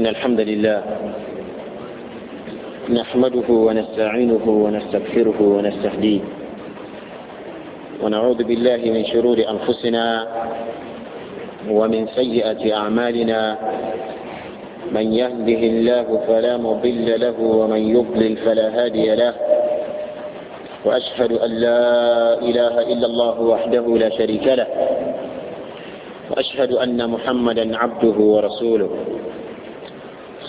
إن الحمد لله نحمده ونستعينه ونستغفره ونستهديه ونعوذ بالله من شرور أنفسنا ومن سيئة أعمالنا من يهده الله فلا مضل له ومن يضلل فلا هادي له وأشهد أن لا إله إلا الله وحده لا شريك له وأشهد أن محمدا عبده ورسوله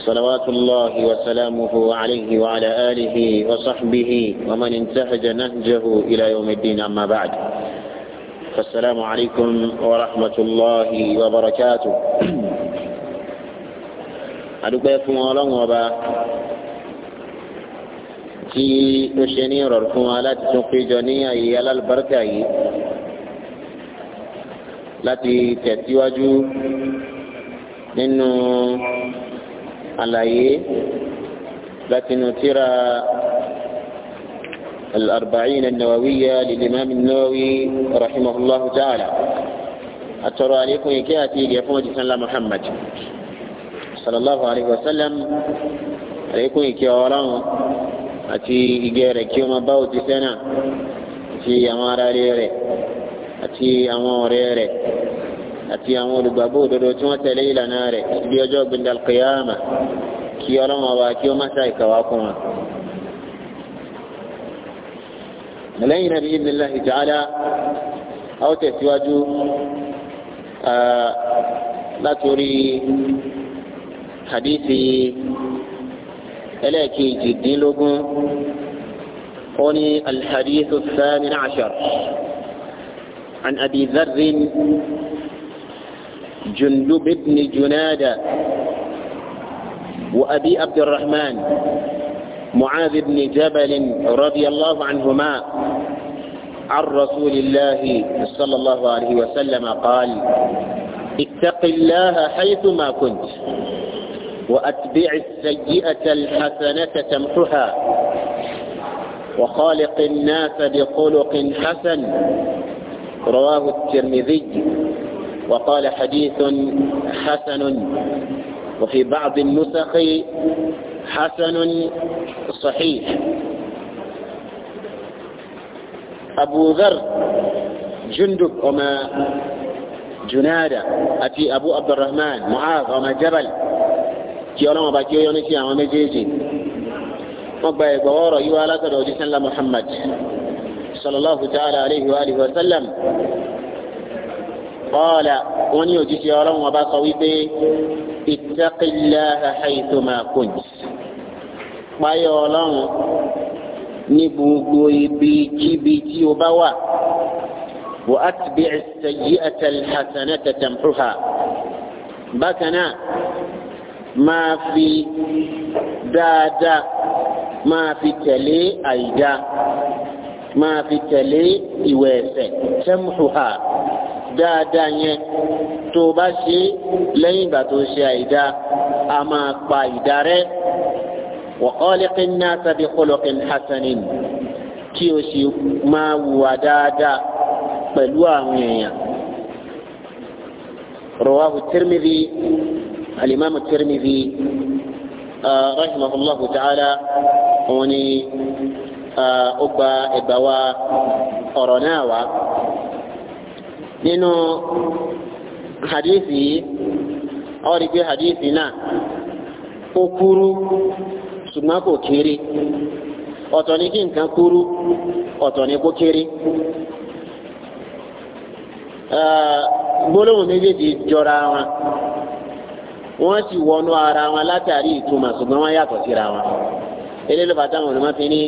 صلوات الله وسلامه عليه وعلى آله وصحبه ومن انتهج نهجه إلى يوم الدين أما بعد فالسلام عليكم ورحمة الله وبركاته أدوك أدوكي فمولا وبا تي نشنير ṣe ní ìrọ̀rùn fún wa láti tún péjọ ní àlàyé látinú tíra الأربعين النووية للإمام النووي رحمه الله تعالى أترى عليكم إكياتي ليكون جسنا محمد صلى الله عليه وسلم عليكم إكيارا أتي إجارة كيوما باوتي سنة أتي أمارا ريري أتي أمارا ريري àti àwọn olùgbàgbọ́ òdodo tí wọ́n tẹ̀lé ìlànà rẹ̀ di ọjọ́ dal kìyàmà kí ọlọ́run ọba kí ó má sa ìkàwá fún wa. lẹ́yìn náà bí idhnillahi ta'ala a ó tẹ̀síwájú látòrí hadithi ẹlẹ́ẹ̀kejì dínlógún ó ní alhadithu thamin ashar عن أبي ذر جندب بن جنادة وأبي عبد الرحمن معاذ بن جبل رضي الله عنهما عن رسول الله صلى الله عليه وسلم قال اتق الله حيثما كنت وأتبع السيئة الحسنة تمحها وخالق الناس بخلق حسن رواه الترمذي وقال حديث حسن وفي بعض النسخ حسن صحيح أبو ذر جندب وما جنادة أتي أبو عبد الرحمن معاذ وما جبل كي أولا مباكي ويونيكي عمام جيجي مقبأي قوارا يوالا كدو محمد صلى الله تعالى عليه وآله وسلم kọ́ọ̀là wọn ní òjíṣẹ́ ọlọ́run ọba sọ wípé ittaqillaha haythuma kunt páyọ̀ ọlọ́run ní gbogbo ibi kíbi tí o bá wà wa atbi' as-sayyi'ata al-hasanata tamhuha bákan náà máa fi dáadáa máa fi tẹ̀lé àìdá máa fi tẹ̀lé ìwẹ̀ ẹ̀ṣẹ̀ tamhuha dáadáa yẹn tó o bá ṣe lẹ́yìn ìgbà tó o ṣe àìdá a máa pa ìdá rẹ wa khaliqin nasa bi khuluqin hasanin kí o sì máa wùwà dáadáa pẹ̀lú àwọn èèyàn. رواه الترمذي الإمام الترمذي آه رحمه الله تعالى وني أبا إبوا أرناوا nínú hadithi yìí ó rí pé hadithi náà ó kúrú ṣùgbọ́n kò kéré ọ̀tọ̀ ni kí nǹkan kúrú ọ̀tọ̀ ni kó kéré gbólóhùn méjèèjì jọra wọn wọ́n sì wọnú ara wọn látàrí ìtumọ̀ ṣùgbọ́n wọ́n yàtọ̀ síra wọn eléyìí ló bá táwọn olùmọ̀ fi ní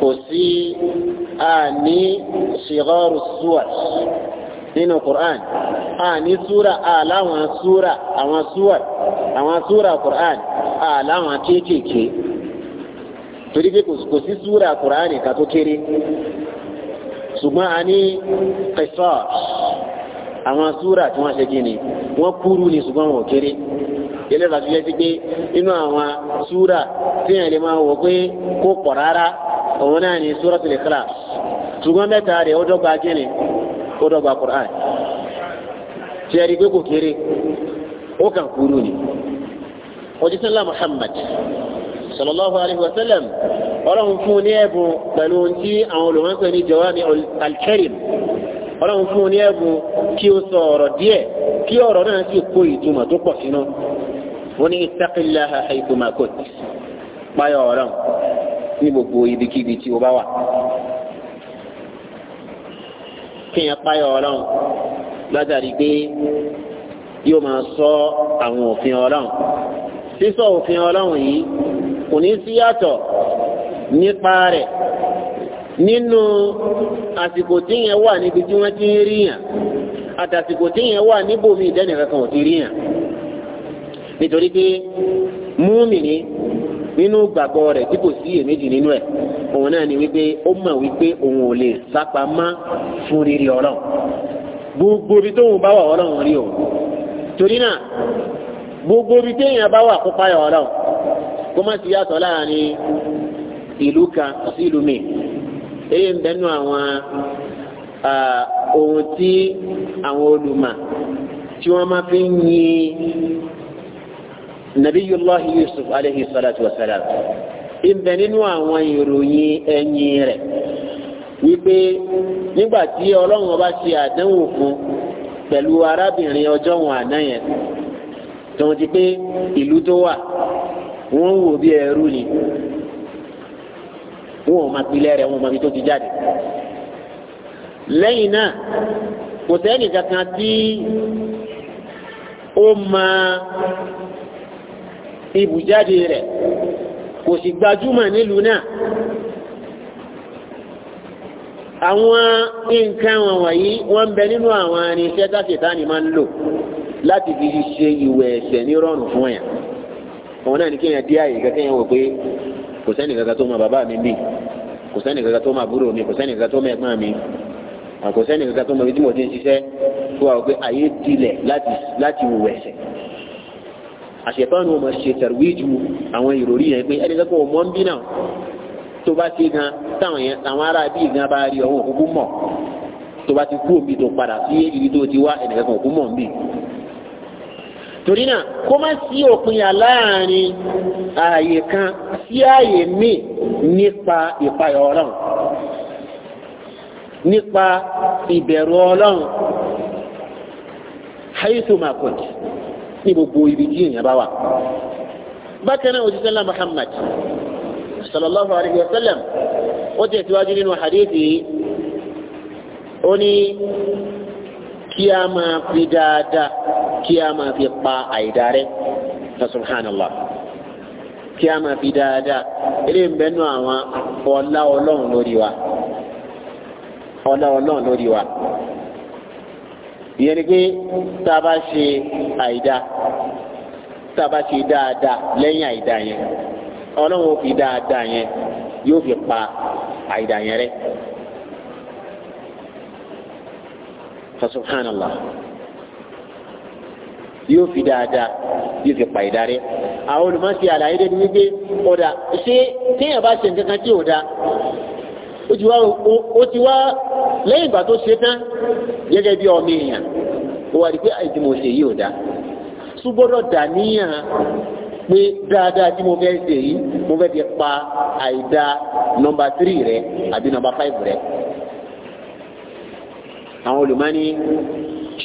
kò sí àní ṣìgọ́rù suwàṣì nínú Qur'an a ní súra aláwọn súra àwọn súwà àwọn súra Qur'an aláwọn kéékèèké torí pé kò sí súra Qur'an ìka tó kéré ṣùgbọ́n a ní qisas àwọn súra tí wọ́n ṣe kí ni wọ́n kúrú ni ṣùgbọ́n wọ́n kéré ilé ìlàjú yẹ ti gbé inú àwọn súra tí yẹn lè máa wò pé kó pọ̀ rárá òun náà ni Suratul Ikhlas ṣùgbọ́n mẹ́ta rẹ̀ ó dọ́gba kí ni ó dọ́gba Qur'an tí a rí pé kò kéré ó kàn kúrú ni ojútọ́lá Muhammad sallallahu alayhi wa sallam ọlọ́run fún ní ẹ̀bùn pẹ̀lú tí àwọn olùmọ́sọ ní jawami al-kalim ọlọ́run fún ní ẹ̀bùn kí ó sọ ọ̀rọ̀ díẹ̀ kí ọ̀rọ̀ náà sì kó ìtumọ̀ tó pọ̀ sínú wọ́n ní ittaqillaha haythuma kunt páyọ̀ ọlọ́run ní gbogbo ibikíbi tí ó bá wà kéèyàn páyọ̀ ọlọ́run látàrí pé yóò máa sọ àwọn òfin ọlọ́run sísọ òfin ọlọ́run yìí kò ní sí yàtọ̀ nípa rẹ̀ nínú àsìkò tí yẹn wà níbi tí wọ́n ti ń rí yàn àtàsìkò tí yẹn wà níbòmí ìdẹ́nìkankan ò ti rí yàn nítorí pé múmi ní nínú gbàgbọ́ rẹ̀ tí kò sí èméjì nínú ẹ̀. òun náà ni wípé ó mọ̀ wípé òun ò lè sápamọ́ fún rírì ọlọ́run gbogbo ibi tóun bá wà rí o torí náà gbogbo ibi téèyàn bá wà kó páyà ọlọ́run kó má ti yàtọ̀ láàrin ìlú kan sí ìlú mi èyí ń bẹnu àwọn ohun tí àwọn olùmọ̀ tí wọ́n máa fi ń yin yusuf Aleyhi salatu wa ìbẹ nínú àwọn ìròyìn ẹ̀yìn rẹ̀ wípé nígbà tí ọlọ́run ọba ṣe àdánwò fún pẹ̀lú arábìnrin ọjọ́ wọn àná yẹn tó ti pé ìlú tó wà wọ́n wò bí ẹrú ni wọn ò máa pilẹ̀ rẹ̀ wọn máa fi tó ti jáde lẹ́yìn náà kò sẹ́ni kankan tí ó máa ibùjáde rẹ̀. kò sì gbajúmọ̀ nílùú náà àwọn nǹkan wọn wọ̀nyí wọ́n ń bẹ nínú àwọn irinṣẹ́ tásìtánì máa ń lò láti fi ṣe ìwẹ̀ ẹ̀ṣẹ̀ ní rọrùn fún yàn òun náà ní kéèyàn dí àyè kẹ́kẹ́ yẹn wò pé kò sẹ́ni kankan tó mọ bàbá mi bì kò sẹ́ni kankan tó mọ àbúrò mi kò sẹ́ni kankan tó mọ ẹ̀gbọ́n mi kò sẹ́ni kankan tó mọ ibi tí mo ti ń ṣiṣẹ́ fún wa pé àyè dilẹ̀ láti wù ẹ̀ṣẹ̀ àṣetọ́ni wọn máa ṣe tẹ̀rùwíjù àwọn ìròrí yẹn pé ẹni kẹ́kọ̀ọ́ mọ́ ń bí náà tó bá ti gan táwọn yẹn àwọn ará bíi gan bá rí ọ̀hún òkúkú mọ̀ tó bá ti kú òbí tó padà sí ibi tó ti wá ẹni kẹ́kọ̀ọ́ òkú mọ̀ ń bì. torí náà kó má sí òpin yà láàrin ààyè kan sí ààyè míì nípa ìpayọ̀ ọlọ́run nípa ìbẹ̀rù ọlọ́run haythu ma ní gbogbo ibi tí èèyàn bá wà. bákan náà òjíṣẹ́ ńlá Muhammad sallallahu alayhi wa sallam ó tẹ̀síwájú nínú hadithi ó ní kí a máa fi dáadáa kí a máa fi pa àìdá rẹ̀ fa kí a máa fi dáadáa eré ń bẹ́ẹ̀ àwọn ọlá ọlọ́run lórí wa ọlá ọlọ́run lórí wa ìyẹn ni pé tá a bá ṣe àìdá tá a bá ṣe dáadáa lẹ́yìn àìdá yẹn ọlọ́run ó fi dáadáa yẹn yóò fi pa àìdá yẹn rẹ. fasubhanallah yóò fi dáadáa yóò fi pa àìdá rẹ. àwọn olùmọ̀ọ́sí àlàyé dẹ́ni wípé ọ̀dà ṣé téèyàn bá ṣe nǹkan kan tí ò dáa ó ti wá ó ti wá lẹ́yìn ìgbà tó ṣe tán gẹ́gẹ́ bí ọmọ èèyàn ó wà ní pé àìsí mo ṣe yìí ò dá ṣùgbọ́dọ̀ dà níyàn pé dáadáa tí mo fẹ́ ṣe yìí mo fẹ́ fi pa àìdá nọmba tírì rẹ àbí nọmba fáìfù rẹ àwọn olùmọ́ni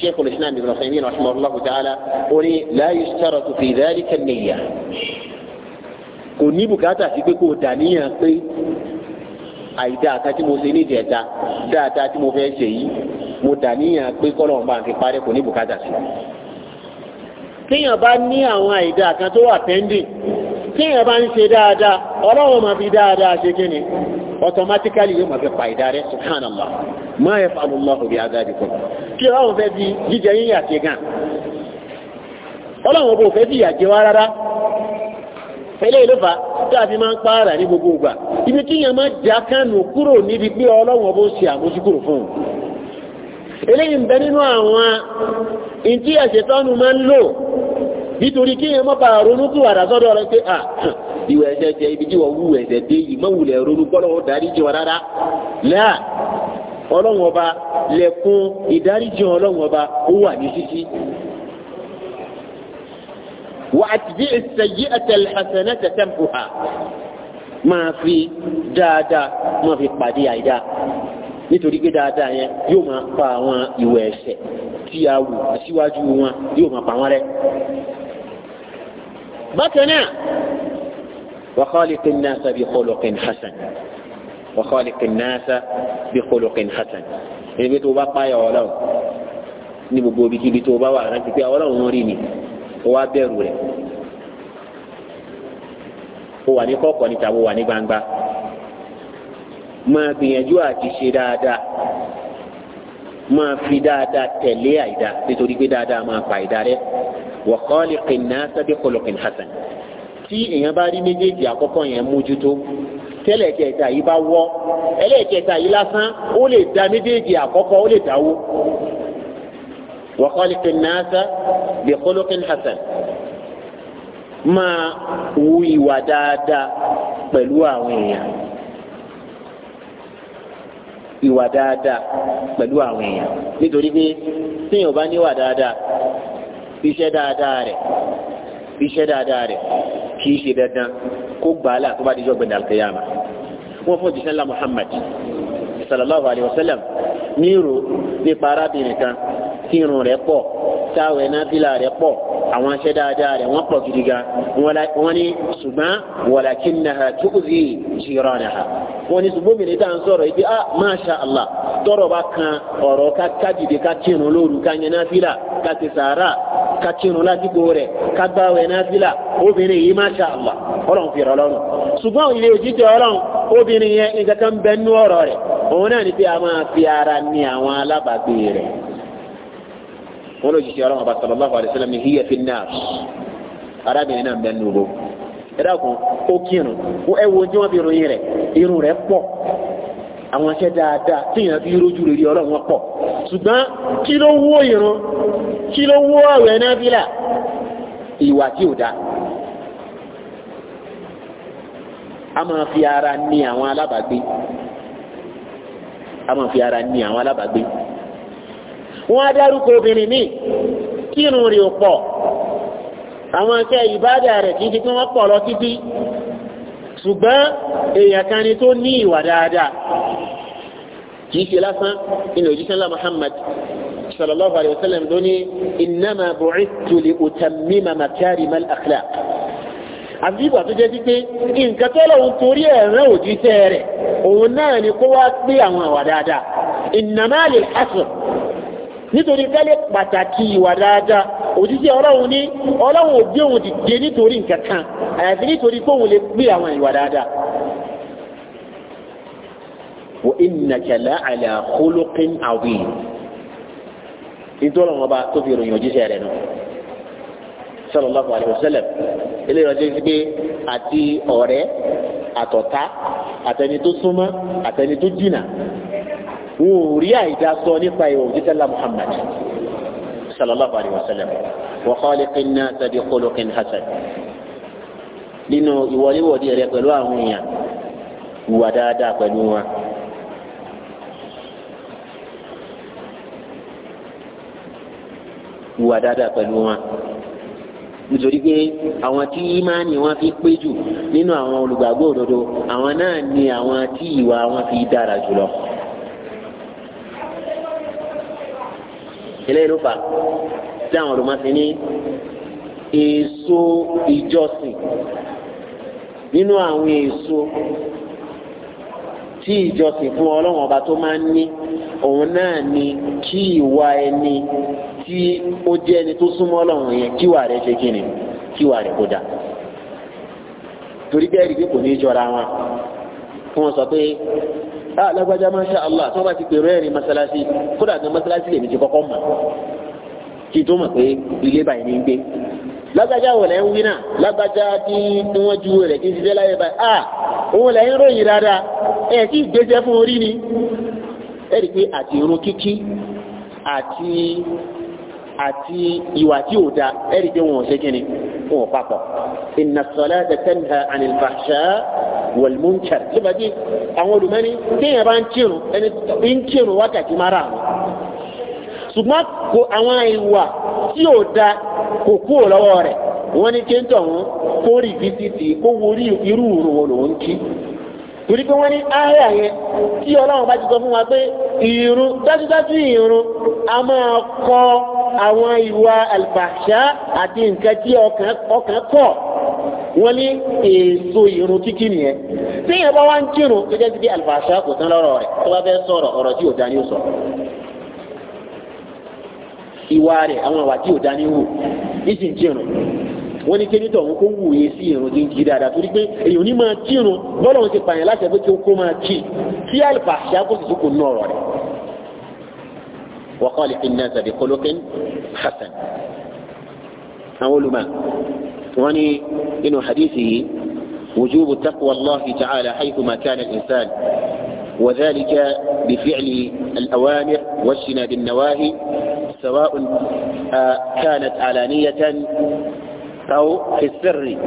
شيخ الإسلام ابن عثيمين رحمه الله تعالى قولي لا يشترط في ذلك النية kò ní bùkátà sí pé kò dàníyàn pé àìdá kan tí mo ṣe ní ìjẹta dáadáa tí mo fẹ́ ṣe yìí mo dà níyàn pé kọ́lọ́run bá ń fi parẹ́ kò ní bùkátà sí. bá ní àwọn àìdá kan tó wà pending téèyàn bá ń ṣe dáadáa ọlọ́run fi dáadáa ṣe kí ni automatically yóò máa fi pa ìdá rẹ kí ọlọ́run fẹ́ jíjẹ ṣe gan ọlọ́run fẹ́ jẹ wá rárá eléyìí ló fà tá a fi máa ń pààrà ní gbogbo ìgbà ibi tí yẹn máa já kánù kúrò níbi pé ọlọ́wọ́n bó ṣe àmójúkúrò fún un eléyìí ń bẹ nínú àwọn ìtí àṣetọ́nu máa ń lò nítorí kí yẹn má bàa ronú kí wàdà sọ́dọ̀ rẹ pé à ìwà ẹ̀ṣẹ̀ jẹ ibi tí wọ́n wú ẹ̀ṣẹ̀ dé yìí má ronú bọ́lọ́wọ́ ìdáríjì وأتبع السيئة الحسنة تمحها máa fi dáadáa máa fi pàdé àìdá nítorí pé dáadáa yẹn yóò máa pa àwọn ìwà ẹ̀ṣẹ̀ tí a wù síwájú wọn yóò máa pa wọn rẹ́. bákan náà wa khaliqin nasa bi khuluqin hasan wa khaliqin nasa bi khuluqin hasan ẹni pé tó bá páyà ọlọ́run ní gbogbo ibikíbi tó bá wà rántí pé ọlọ́run rí ni ó wá bẹ̀rù rẹ̀ ó wà ní kọ̀kọ̀ níta ó wà ní gbangba máa gbìyànjú àti ṣe dáadáa máa fi dáadáa tẹ̀lé àìdá nítorí pé dáadáa máa pa àìdá rẹ̀ wa khaliqin nasa bi khuluqin hasan tí èèyàn bá rí méjèèjì àkọ́kọ́ yẹn mójútó tẹ́lẹ̀ kẹta yìí bá wọ́ ẹlẹ́ẹ̀kẹta yìí lásán ó lè da méjèèjì àkọ́kọ́ ó lè dáwó. وخالق الناس بخلق حسن ما wu ìwà dáadáa pẹ̀lú àwọn èèyàn ìwà dáadáa pẹ̀lú àwọn èèyàn nítorí pé téèyàn bá níwà dáadáa iṣẹ́ dáadáa rẹ̀ iṣẹ́ dáadáa rẹ̀ kì í ṣe dandan kó gbàálà tó bá di jọ́gbìn dàlùkẹ́yàmà wọ́n fún òjíṣẹ́ Muhammad sallallahu alayhi wa sallam ní ìrò nípa arábìnrin kan tírun rẹ̀ pọ̀ táwọn ẹnáfìlà rẹ̀ pọ̀ àwọn aṣẹ dáadáa rẹ̀ wọ́n pọ̀ gidi gan wọ́n ní ṣùgbọ́n walakinnaha tu'zi jiranaha wọ́n ní ṣùgbọ́n obìnrin tá à ń sọ̀rọ̀ yìí bi ah masha allah tọrọ bá kan ka ká kájìdé ká tírun lóru ká yẹnáfìlà ká ti sàárà ká ká obìnrin yìí masha allah ọlọ́run ilé obìnrin nǹkan kan òun náà pé a máa fi ara ní àwọn alábàgbé wọn ló jìṣẹ́ ọlọ́run ọba sallallahu wasallam hiya fi an-nar ọ náà bẹ́ẹ̀ nùgbò irun rẹ̀ pọ̀ àwọn fi ọlọ́run wọn pọ̀ ṣùgbọ́n kí ló wó irun a fi ara a fi ara wọ́n á dárúkọ obìnrin míì kí irun rẹ̀ ò pọ̀ àwọn akẹ́ ìbádà rẹ̀ kì í ti pín wọ́n pọ̀ lọ títí ṣùgbọ́n èèyàn kan ni tó ní ìwà dáadáa kì í ṣe lásán inú òjíṣẹ́ ńlá Muhammad sallallahu alayhi wa sallam ló ní innama bu'ithtu li utammima makarimal akhlaq àti ìgbà tó jẹ́ sí pé nǹkan tó lọ́wọ́ torí ẹ̀rán òjíṣẹ́ rẹ̀ òun náà ni kó wá pé àwọn àwà dáadáa innama lil asr nítorí kálẹ̀ pàtàkì ìwà dáadáa òjíṣẹ́ ọlọ́run ní ọlọ́run ò gbé òun dìde nítorí nǹkan kan àyàfi nítorí pé òun lè gbé àwọn ìwà dáadáa. wa innaka la'ala khuluqin azim nítorí wọn bá tó fi ròyìn òjíṣẹ́ rẹ̀ nù sallallahu alayhi wa ilé ìrọ̀jẹ́ ti pé àti ọ̀rẹ́ àtọ̀tá àtẹni tó súnmọ́ àtẹni tó jìnnà wọn ò rí àìdá sọ nípa ìwà òjísẹ́lá muhammad sallallahu alayhi wa sallam wa khaliqin nas bi khuluqin hasan nínú ìwọléwọ̀de rẹ̀ pẹ̀lú àwọn èèyàn ìwà dáadáa pẹ̀lú wọn. ìwà dáadáa pẹ̀lú wọn nítorí pé àwọn tí ìmánì wọn fi pé jù nínú àwọn olùgbàgbọ́ òdodo àwọn náà ni àwọn tí ìwà wọn fi dára jùlọ. eléyìí ló fà tí àwọn ọ̀dọ́ máa fi ní èso ìjọsìn nínú àwọn èso tí ìjọsìn fún ọlọ́run ọba tó máa ń ní òun náà ni kí ìwà ẹni tí ó jẹ́ ẹni tó súnmọ́ ọlọ́run yẹn kíwà rẹ̀ ṣe kíni kíwà rẹ̀ kó dà torí bẹ́ẹ̀ rí pé kò ní í jọra wọn fún wọn sọ pé a ah, lágbájá masha allah tó bá ti pèrò ẹ̀rìn masalasi kódà gan masalasi lèmi ti kọ́kọ́ mọ̀ kí tó mọ̀ pé ilé báyìí ní gbé lágbájá wọlé ń wí náà lágbájá tí wọ́n ju rẹ̀ kí n ṣiṣẹ́ láyé báyìí a ah, òun lẹ́yìn ròyìn dáadáa ẹ̀ sì gbèsè fún orí ni ẹ̀ rí i pé àti irun kíkí àti àti ìwà tí ò da ẹ̀ rí i pé wọn ò ṣe kíni wọn ò papọ̀ inna salata tanha anil wọlmúnkyàr síbàdí àwọn olùmọ́ni téèyàn bá ń kírun ẹni ń kírun wákàtí máa rà wọn. ṣùgbọ́n kò àwọn ìwà tí ò da kò kúrò lọ́wọ́ rẹ̀ wọ́n ní kéńtọ̀ wọn kó rí fisiti kó wọrí irú òrùn wọn lòún kí torí pé wọ́n ní ààrẹ àyẹn tí ọlọ́run bá ti sọ fún wa pé ìrun dájúdájú ìrun a máa kọ àwọn ìwà àlùfàṣà àti nǹkan tí ọkàn kọ̀ wọ́n ní èso ìrun kíkí nìyẹn tí yẹn bá wá ń kírun gẹ́gẹ́ bí àlùfàṣà kò tán lọ́rọ̀ rẹ̀ tó bá fẹ́ sọ̀rọ̀ ọ̀rọ̀ tí ò dání ó sọ ìwà rẹ̀ àwọn ìwà tí ò dání wù ní sì ń kírun wọ́n ní kéde ọ̀hún kó wù yé sí irun kí n kí dáadáa torí pé èyàn ní máa kírun bọ́lá òun ti pààyàn láti ẹgbẹ́ tí ó kó máa kí kí àlùfàṣà kò sì tún kò nú ọ̀rọ̀ rẹ̀ إخواني إن حديثه وجوب تقوى الله تعالى حيثما كان الإنسان وذلك بفعل الأوامر واجتناب النواهي سواء آه، كانت علانية أو في السر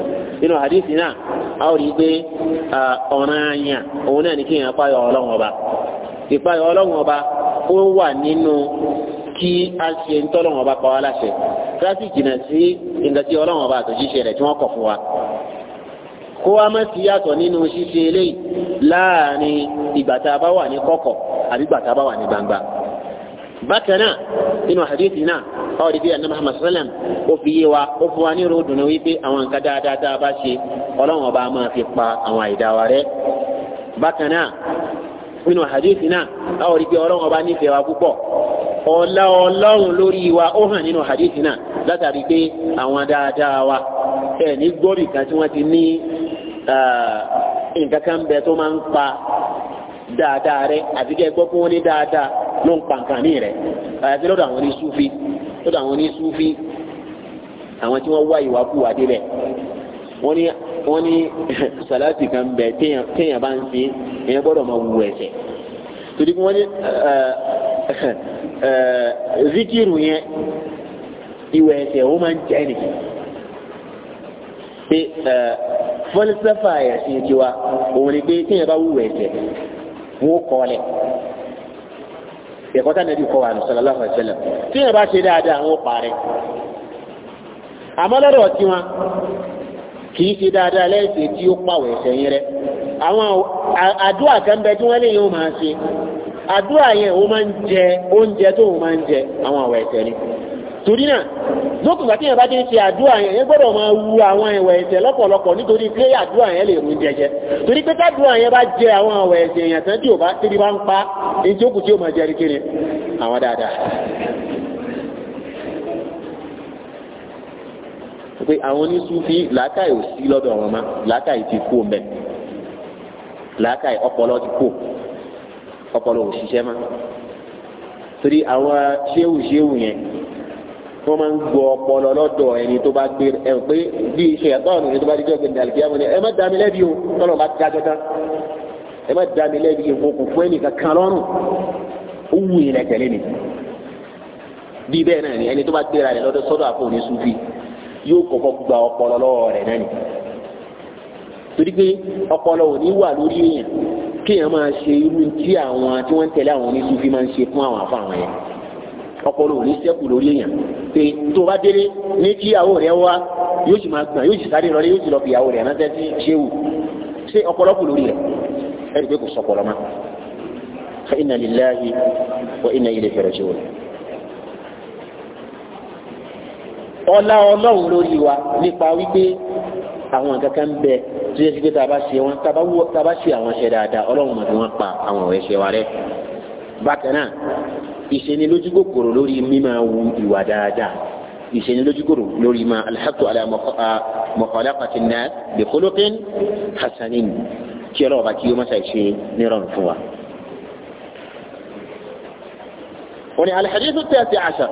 إنه حديثنا أو ريبي آه، أونانيا أوناني كي يطايا أولوها وبا يطايا أولوها وبا هو نينو kí a ṣe ń tọ́lọ̀ wọn bá pa wá láṣẹ kí a sì jìnnà sí nǹkan tí ọlọ́wọ́n bá àtọ̀jíṣẹ́ rẹ̀ tí wọ́n kọ̀ fún wa kó wa má sí yàtọ̀ nínú ṣíṣe eléyìí láàrin ìgbà tá a bá wà ní kọ̀kọ̀ àbí ìgbà tá a bá wà ní gbangba bákan náà nínú hadith náà ọ̀rọ̀ ibi àná Muhammad sallam ó fi yé wa ó fún wa ní irú dùnú wípé àwọn nǹkan dáadáa tá a bá ṣe ọlọ́wọ́n ọba máa fi pa àwọn àìdáwa rẹ ọlá ọlọ́run lórí wa ó hàn nínú hadith náà látàrí pé àwọn dáadáa wa ẹ̀ ní gbọ́rì kan tí wọ́n ti ní nǹkan bẹ tó máa ń pa dáadáa rẹ àti kẹ́ gbọ́ wọ́n ní dáadáa ló ń pa ní rẹ̀ àyàfi lọ́dọ̀ àwọn lọ́dọ̀ àwọn àwọn tí wọ́n wá ìwà kú wa wọ́n ní wọ́n ní sàlátì kan téèyàn bá ń èèyàn gbọ́dọ̀ máa wù Eh, zikiru yẹn ìwẹ̀ ẹ̀ṣẹ̀ ó máa ń jẹ́ ni pé eh, fọlísẹ́fà ẹ̀sìn tiwa òun ni pé téèyàn bá wúwẹ̀ ẹ̀ṣẹ̀ wọn ó kọ́ ọ lẹ̀ ẹ̀kọ́ tá nàbí kọ́ wa sallallahu alaihi wasallam téèyàn bá ṣe dáadáa wọn ó parẹ́ àmọ́ lọ́dọ̀ tiwọn kì í ṣe dáadáa lẹ́sẹ̀ tí ó pàwọ̀ ẹ̀ṣẹ̀ yẹn rẹ àwọn àdúrà kan bẹ tí wọ́n lè yóò máa ṣe àdúrà yẹn òun máa ń jẹ oúnjẹ tó òun máa ń jẹ àwọn àwọ̀ ẹ̀tẹ̀ ni torí náà lókùn gbà tí yẹn bá ti ń ṣe àdúrà yẹn yẹn gbọ́dọ̀ máa wu àwọn ẹ̀wẹ̀ ẹ̀tẹ̀ lọ́pọ̀lọpọ̀ nítorí pé àdúrà yẹn lè mú jẹjẹ torí pé kádùrà yẹn bá jẹ àwọn èèyàn tán tí ò bá bá ń pa tí ó kù tí ó máa jẹ àwọn dáadáa pé àwọn làákàyè ò sí lọ́dọ̀ àwọn ọmọ làákàyè ti ọpọlọ òṣìṣẹ́ mọ́ torí àwọn ṣéwù ṣéwù yẹn wọ́n máa ń gbọ́ ọpọlọ lọ́dọ̀ ẹni tó bá gbé ẹ̀ pé bí iṣẹ́ ẹ̀tọ́ ọ̀nà ẹni tó bá dijọ́ gbẹ̀dẹ̀ àlùkìyàmù ni ẹ má dá mi lẹ́bi o tọ́lọ̀ bá dájọ́ tán ẹ má dá mi lẹ́bi o kò fún ẹnìkan kan lọ́rùn ó wù yín lẹ tẹ̀lé bí bẹ́ẹ̀ náà ni ẹni tó bá gbéra rẹ̀ lọ́dọ̀ sọ́dọ̀ àpò ní sufi yóò kọ́kọ́ gba ọpọlọ lọ́wọ́ rẹ̀ náà ni torí pé ọpọlọ ò ní wà lórí èèyàn kéèyàn máa ṣe irú tí àwọn tí wọ́n ń tẹ̀lé àwọn oníṣúfì máa ń ṣe fún àwọn afọ àwọn yẹn ọpọlọ òní sẹ́kù lórí èèyàn pé tó bá délé ní kí ìyàwó rẹ wá yóò sì máa gbọ̀n yóò sì sáré lọlé yóò sì lọ fi ìyàwó rẹ ránṣẹ́ sí ṣéwù ṣé ọpọlọ kù lórí rẹ ẹni pé kò sọpọlọ ma fa inna lillahi wa inna ilayhi raji'un. ọlá ọlọ́run lórí wa nípa wípé àwọn kankan bẹ tó yẹ sí pé tá a bá ṣe wọn tá a bá ṣe àwọn ṣe dáadáa ọlọ́run mọ̀ tí wọ́n pa àwọn ọ̀rẹ́ ṣe wa rẹ. bákan náà ìṣenilójú kòkòrò lórí mímọ wu ìwà dáadáa ìṣenilójú kòkòrò lórí ma alhaqu ala mọ̀kànlápàtì náà bi hasanin kí ọlọ́wọ́ bá kí ó mọ́ṣáì ṣe nírọ̀rùn fún wa. wọ́n ní alhadithu tẹ́sí àṣà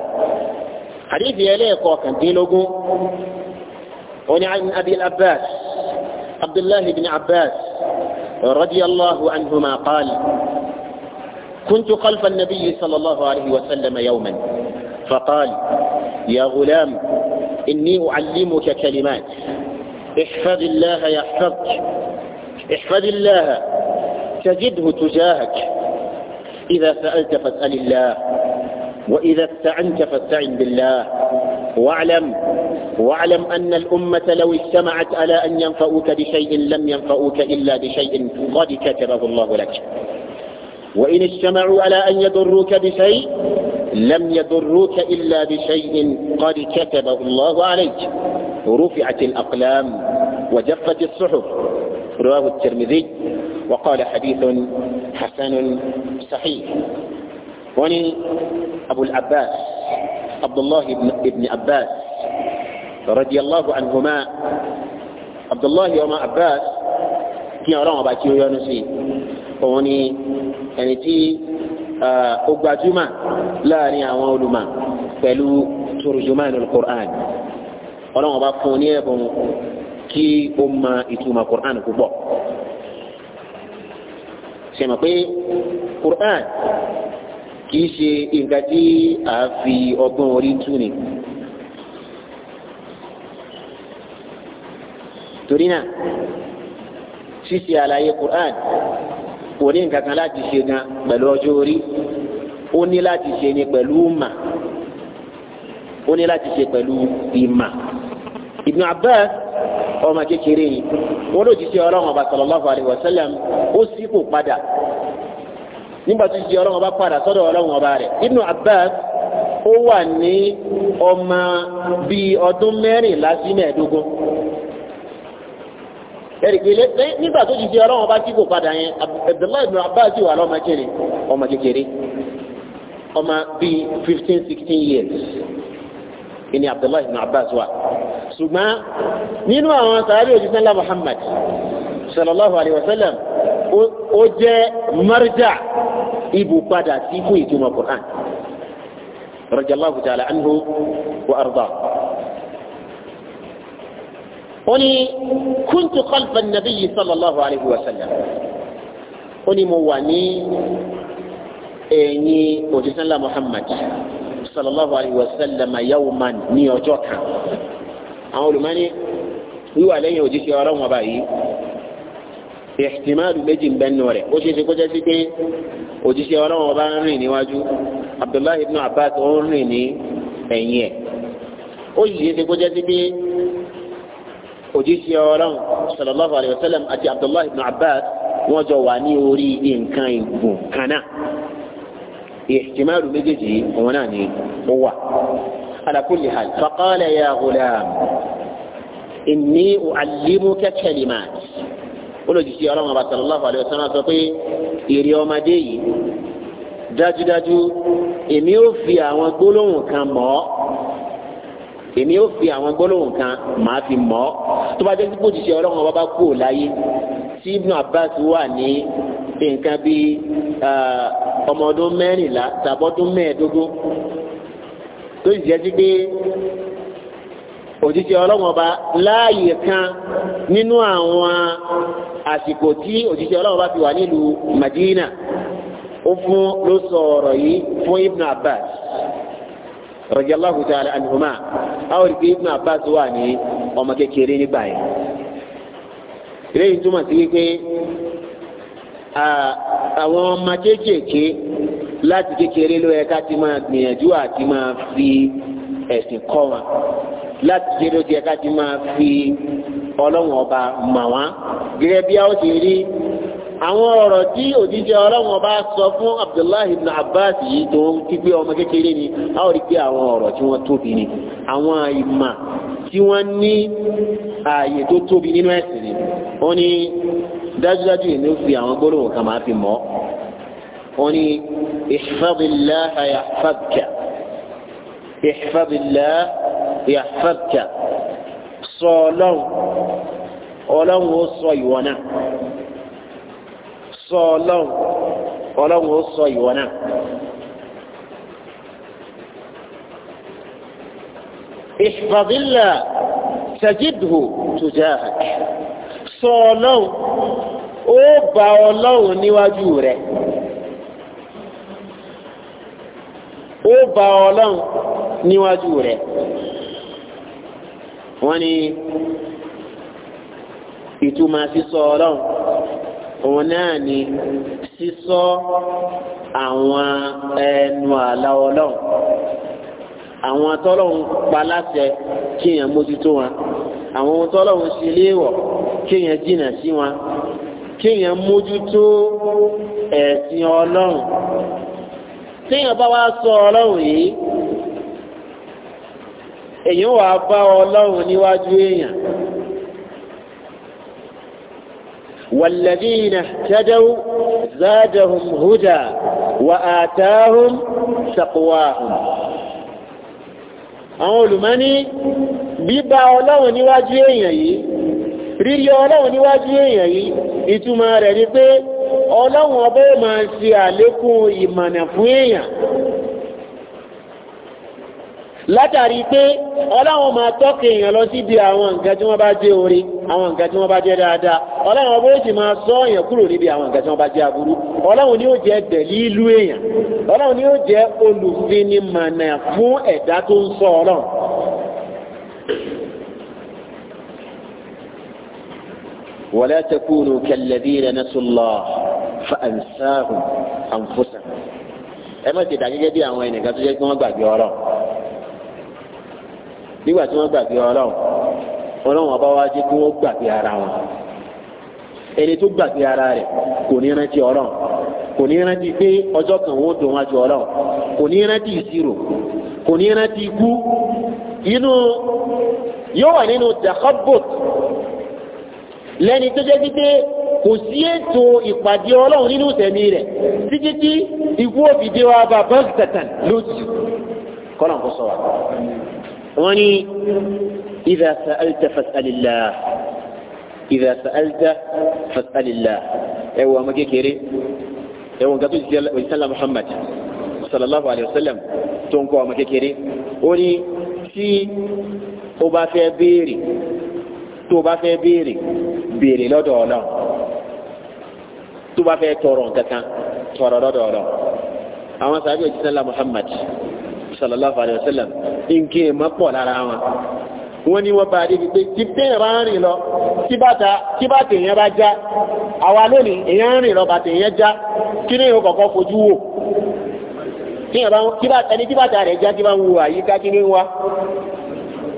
hadithi ẹlẹ́ẹ̀kọ́ kàndínlógún عن أبي العباس عبد الله بن عباس رضي الله عنهما قال كنت خلف النبي صلى الله عليه وسلم يوما فقال يا غلام إني أعلمك كلمات احفظ الله يحفظك احفظ الله تجده تجاهك إذا سألت فاسأل الله وإذا استعنت فاستعن بالله واعلم واعلم أن الأمة لو اجتمعت على أن ينفؤوك بشيء لم ينفؤوك إلا بشيء قد كتبه الله لك وإن اجتمعوا على أن يضروك بشيء لم يضروك إلا بشيء قد كتبه الله عليك رفعت الأقلام وجفت الصحف رواه الترمذي وقال حديث حسن صحيح وني أبو العباس عبد الله بن عباس رضي الله عنهما عبد الله يوم عباس kí ọ̀rọ̀ wọn bá kí ó yọ́nú sí i òun ni ẹni tí ó gbajúmọ̀ láàrin àwọn olùmọ̀ pẹ̀lú turjuman al-Qur'an ọ̀rọ̀ wọn bá fún un ní ẹ̀bùn kí ó mọ ìtumọ̀ Qur'an púpọ̀ sẹ́mi pé Qur'an kì í ṣe nǹkan tí a fi ọgbọ́n orí tú ni. torí náà ṣíṣe àlàyé Qur'an kò ní nǹkan kan láti ṣe gan pẹ̀lú ọjọ́ orí ó ní láti ṣe ni pẹ̀lú mà ó ní láti ṣe pẹ̀lú ìmà Ibn Abbas ọmọ kékeré yìí wọn ló jíṣẹ́ Ọlọ́run ọba sallallahu alaihi wasallam ó sì kò padà nígbà tó jíṣẹ́ Ọlọ́run ọba padà sọ́dọ̀ Ọlọ́run ọba rẹ̀ Ibn Abbas ó wà ní ọmọ bíi ọdún mẹ́rìnlá sí ẹ̀rìkìlẹ̀ nígbà tó dìde ọlọ́run bá tí kò padà yẹn Abdullahi ibn Abbas wà lọ́mọ kékeré ọmọ kékeré ọmọ bíi fifteen sixteen years ìní Abdullahi ibn Abbas wà ṣùgbọ́n nínú àwọn sàárè òjì sẹ́lá Muhammad sallallahu alayhi wa sallam ó jẹ́ marja ibùpadà sí fún ìtumọ̀ Quran radiyallahu ta'ala anhu wa arda ó ní kúntù kọlfà nàbí yìí sallallahu alayhi wa sallam ó ní mo wà ní ẹ̀yìn òjísánlá muhammad sallallahu alayhi wa sallam yawman ní ọjọ́ kan àwọn olùmọ́ni wíwà lẹ́yìn òjíṣẹ́ ọlọ́run ọba yìí ìhtimáàlù méjì ń bẹ́ẹ̀ nù rẹ̀ ó ṣeé ṣe kó jẹ́ sí pé òjíṣẹ́ ọlọ́run ọba ń rìn níwájú abdullahi ibn abbas ó ń rìn ní ẹ̀yìn ẹ̀ ó ṣeé ṣe kó jẹ́ sí pé òjíṣẹ́ ọlọ́run sallallahu alayhi wa sallam àti abdullahi ibn abbas wọ́n jọ wà ní orí nǹkan ìgùn kan náà ìhtimaru méjèèjì òun náà ni ó wà. ala kulli hal faqala ya ghulam inni u'allimuka kalimat olójijì ọlọ́run ọba sallallahu alayhi wa sallam sọ pé èrè ọmọdé yìí dájúdájú èmi ò fi àwọn gbólóhùn kan mọ́ èmi yóò fi àwọn gbólóhùn kan màá fi mọ̀ ọ́ tó bá jẹ́ pé òjijì ọlọ́run ọba bá kú láyé tí Ibn Abbas wà ní nǹkan bíi ọmọ ọdún mẹ́rìnlá tàbọ́dún mẹ́ẹ̀ẹ́dógún tó jẹ́ sí pé òjijì ọlọ́run ọba láàyè kan nínú àwọn àsìkò tí òjijì ọlọ́run ọba fi wà nílùú Madina ó fún ló sọ ọ̀rọ̀ yìí fún Ibn Abbas radiyallahu ta'ala anhuma a ó rí pé Ibn Abbas wà ní ọmọ kékeré nígbà yẹn eléyìí túmọ̀ sí wípé àwọn ọmọ kéékèèké láti kékeré ló yẹ ká ti máa gbìyànjú àti máa fi ẹ̀sìn kọ́ wọn láti kékeré ló ti yẹ ká ti máa fi ọlọ́wọ́n ọba mà wọ́n gẹ́gẹ́ bí a ó ti rí àwọn ọ̀rọ̀ tí òjíṣẹ́ ọlọ́run ọba sọ fún abdullahi ibn abbas yìí tó ń kígbe ọmọ kékeré ni a ó rí pé àwọn ọ̀rọ̀ tí wọ́n tóbi ni àwọn ìmà tí wọ́n ní ààyè tó tóbi nínú ẹ̀sìn ni ó ní dájúdájú èmi fi àwọn gbólóhùn kan máa fi mọ́ ó ní ihfazillaha yahfazka sọ ọlọ́run ọlọ́run ó sọ ìwọ náà sọ ọlọ́run ọlọ́run ó sọ ìwọ náà. ìfàdílà tajidhu tujahak sọ ọlọ́run ó bá ọlọ́run níwájú rẹ̀ ó bá ọlọ́run níwájú rẹ̀ wọ́n ní ìtumọ̀ sísọ ọlọ́run. òun náà ni sísọ àwọn ẹnu àlá ọlọ́run àwọn tọ́lọ́run pa láṣẹ kí èèyàn mójútó wọn àwọn ohun tọ́lọ́run ṣe léèwọ̀ kí èèyàn jìnnà sí wọn kí èèyàn mójútó ẹ̀sìn ọlọ́run téèyàn bá wá sọ ọlọ́run yìí èèyàn wà bá ọlọ́run níwájú èèyàn. والذين اهتدوا زادهم هدى وآتاهم تقواهم àwọn olùmọ́ní bíbá ọlọ́run níwájú èèyàn yìí rírí ọlọ́run níwájú èèyàn yìí ìtumọ̀ rẹ̀ ni pé ọlọ́run ọbọ́ máa ń ṣe àlékún ìmọ̀nà fún èèyàn látàrí pé ọlọ́run máa tọ́kì èèyàn lọ síbi àwọn nǹkan tí wọ́n bá jẹ́ orí àwọn nǹkan tí wọ́n bá jẹ́ dáadáa ọlọ́run ọbọ̀ sì máa sọ èèyàn kúrò níbi àwọn nǹkan tí wọ́n bá jẹ́ aburú ọlọ́run ni ó jẹ́ tẹ̀lé ìlú èèyàn ọlọ́run ni ó jẹ́ olùfinimọ̀nà fún ẹ̀dá tó ń sọ ọlọ́run wala takunu kalladhina nasullaha fa ansahum anfusahum ẹ nígbà tí wọ́n gbàgbé ọlọ́run ọlọ́run ọba wa jẹ́ kí wọ́n gbàgbé ara wọn ẹni tó gbàgbé ara rẹ̀ kò ní rántí ọlọ́run kò ní rántí pé ọjọ́ kan wọ́n tó wájú ọlọ́run kò ní rántí ìṣirò kò ní rántí ikú inú yóò wà nínú takabut lẹ́ni tó jẹ́ títí kò sí ètò ìpàdé ọlọ́run nínú tẹ̀mí rẹ̀ títí tí ikú òfìdí wa bá bọ́ọ̀sì tẹ̀tàn lójú kọ́nà kó sọ wa wọ́n ní ìdá sa'alta fasalilá ìdá sa'alta fasalilá ẹ wọ ọmọ kékeré ẹ wọ gàtú ìsàlá Muhammad sallallahu alayhi wa sallam tó ń kọ́ ọmọ kékeré ó ní tí ó bá fẹ́ béèrè tó o bá fẹ́ béèrè béèrè lọ́dọ̀ tó o bá fẹ́ tọrọ nǹkan kan tọrọ lọ́dọ̀ àwọn sàbẹ̀ òjíṣẹ́ ńlá Muhammad sallallahu alayhi wa sallam nǹkan ẹ̀ mọ́ pọ̀ lára wọn wọ́n ní wọ́n bá débi pé tí bẹ́ẹ̀ bá ń rìn lọ tí bàtà èèyàn bá já àwa lónìí èèyàn ń rìn lọ bàtà èèyàn já kí ni èèyàn kọ̀ọ̀kan fojú wò ẹni tí bàtà rẹ̀ já kí bá ń wo àyíká kí ni ń wá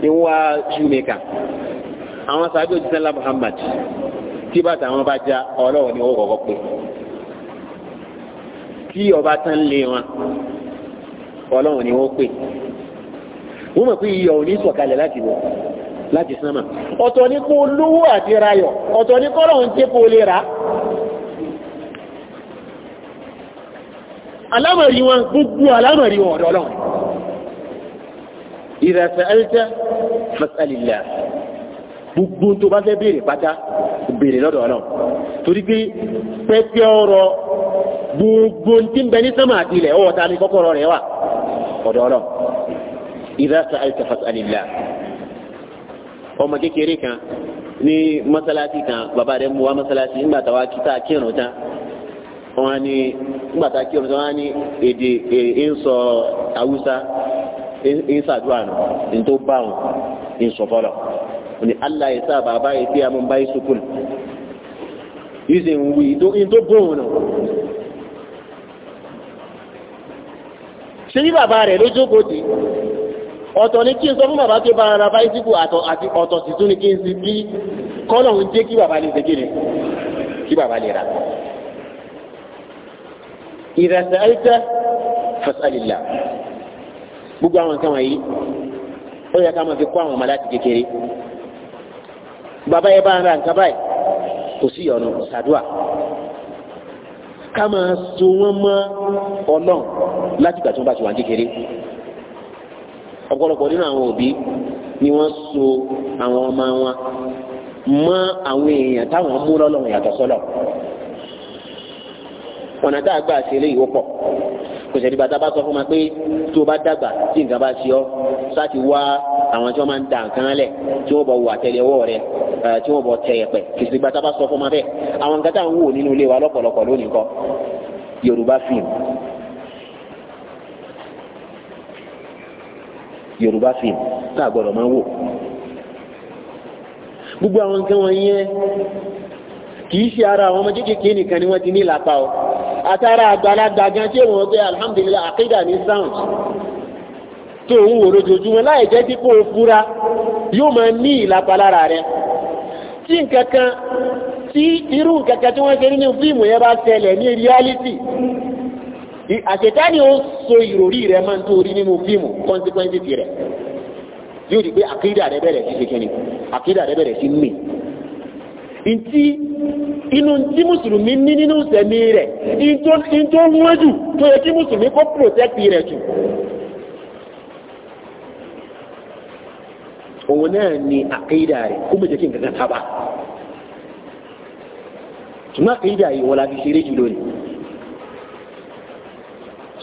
ìwà ṣùmẹ̀kà àwọn sàájú òjíṣẹ́ ńlá Muhammad tí bàtà wọn bá já ọlọ́wọ́ ni wọ́n kọ̀ọ̀kan pé tí ọba tán lé wọn ọlọ́run ni wọ́n pè wọ́n mọ̀ pé iyọ̀ ò ní sọ̀kalẹ̀ láti wọ̀ láti sánmà ọ̀tọ̀ ní kó lówó àti rayọ̀ ọ̀tọ̀ ní kọ́lọ̀un tí kò lè rà alámọ̀rí wọn gbogbo alámọ̀rí wọn ọ̀dọ̀ ọlọ́run idha sa'alta fas'alillah gbogbo tó bá fẹ́ béèrè pátá béèrè lọ́dọ̀ ọlọ́run torí pé pẹ́pẹ́ ọ̀rọ̀ gbogbo tí ń bẹ ní sánmà àti ilẹ̀ ọwọ́ta ní kọ́kọ́rọ́ rẹ̀ wà ọ̀dọ̀ ọlọ́run idha sa'alta fas'alillah ọmọ kékeré kan ní mọ́sálásí kan bàbá rẹ̀ mú wá mọ́sálásí nígbà tá a kíta kírun tán wọ́n ní nígbà tá a kírun tán wọ́n ní èdè ẹ̀ ń sọ haúsá ń sàdúrà nù ń tó bá wọn ni Allah ya sa bàbá ya tiya mun bai sukul izin wi to in to bon ṣe bí bàbá rẹ̀ ló jókòó tì ọ̀tọ̀ ni kí n sọ fún bàbá pé bá ara báyìísíkù àtọ̀ àti ọ̀tọ̀ sì tún ni kí n sì bí kọ́lọ̀ ń jẹ́ kí bàbá lè ṣègèrè kí bàbá lè rà. ìrẹsẹ̀ àìsẹ́ fasalìlà gbogbo àwọn nǹkan wọ̀nyí ó yẹ ká máa fi kó àwọn ọmọ láti kékeré bàbá yẹn bá ń nǹkan báyìí kò sí ọ̀nà ṣàdúà ká máa so wọ́n mọ́ ọlọ́run láti gbà tí wọ́n bá ti wà kékeré ọ̀pọ̀lọpọ̀ nínú àwọn òbí ni wọ́n so àwọn ọmọ wọn mọ́ àwọn èèyàn táwọn mú lọ́lọ́run yàtọ̀ sọ́lọ̀ ọ̀nà tá a gbà ṣe eléyìí wọ́pọ̀ kò sẹ́ni bàtà bá sọ fún ma pé tó o bá dàgbà tí nǹkan bá ṣe ọ́ sáti wá àwọn tí wọ́n máa ń da nǹkan lẹ̀ tí wọ́n bọ̀ wọ àtẹ́lẹwọ́ rẹ̀ tí wọ́n bọ̀ tẹ yẹ̀pẹ̀ kò sẹ́ni bàtà bá sọ fún ma bẹ́ẹ̀ àwọn nǹkan tá à ń wò nínú ilé wa lọ́pọ̀lọpọ̀ lónìí kọ́ Yorùbá fíìmù yorùbá fíìmù tá a gbọ́dọ̀ máa wò gbogbo àwọn nǹkan wọn yẹn kìí ṣe ara àwọn ọmọ kékeré nìkan ni wọ́n ti ní ìlàpá o àtàrà àgbàlagbà gan tí èèwọ̀n pé alhamdulilayi àkídà ní sound tó ń wò lójoojúmọ́ láì jẹ́ dípò fúra yóò máa ní ìlàpá lára rẹ tí nǹkan kan tí irú nǹkan kan tí wọ́n ṣe nínú fíìmù yẹn bá ṣẹlẹ̀ ní reality àṣetáni ó so ìròrí rẹ̀ máa ń tó orí nínú fíìmù consequences rẹ̀ yóò di pé àkídà rẹ̀ bẹ̀rẹ̀ sí kékeré àkídà rẹ̀ bẹ̀rẹ̀ sí mì ntí inú ntí mùsùlùmí ní nínú sẹ̀mí rẹ̀ ntó wọ́n jù tó yẹ kí mùsùlùmí kó protect rẹ̀ jù. òun náà ni àkídà rẹ̀ kó méjì kí n kankan sábà. tùmọ̀ àkídà yìí wọ́n la fi ṣeré jù lónìí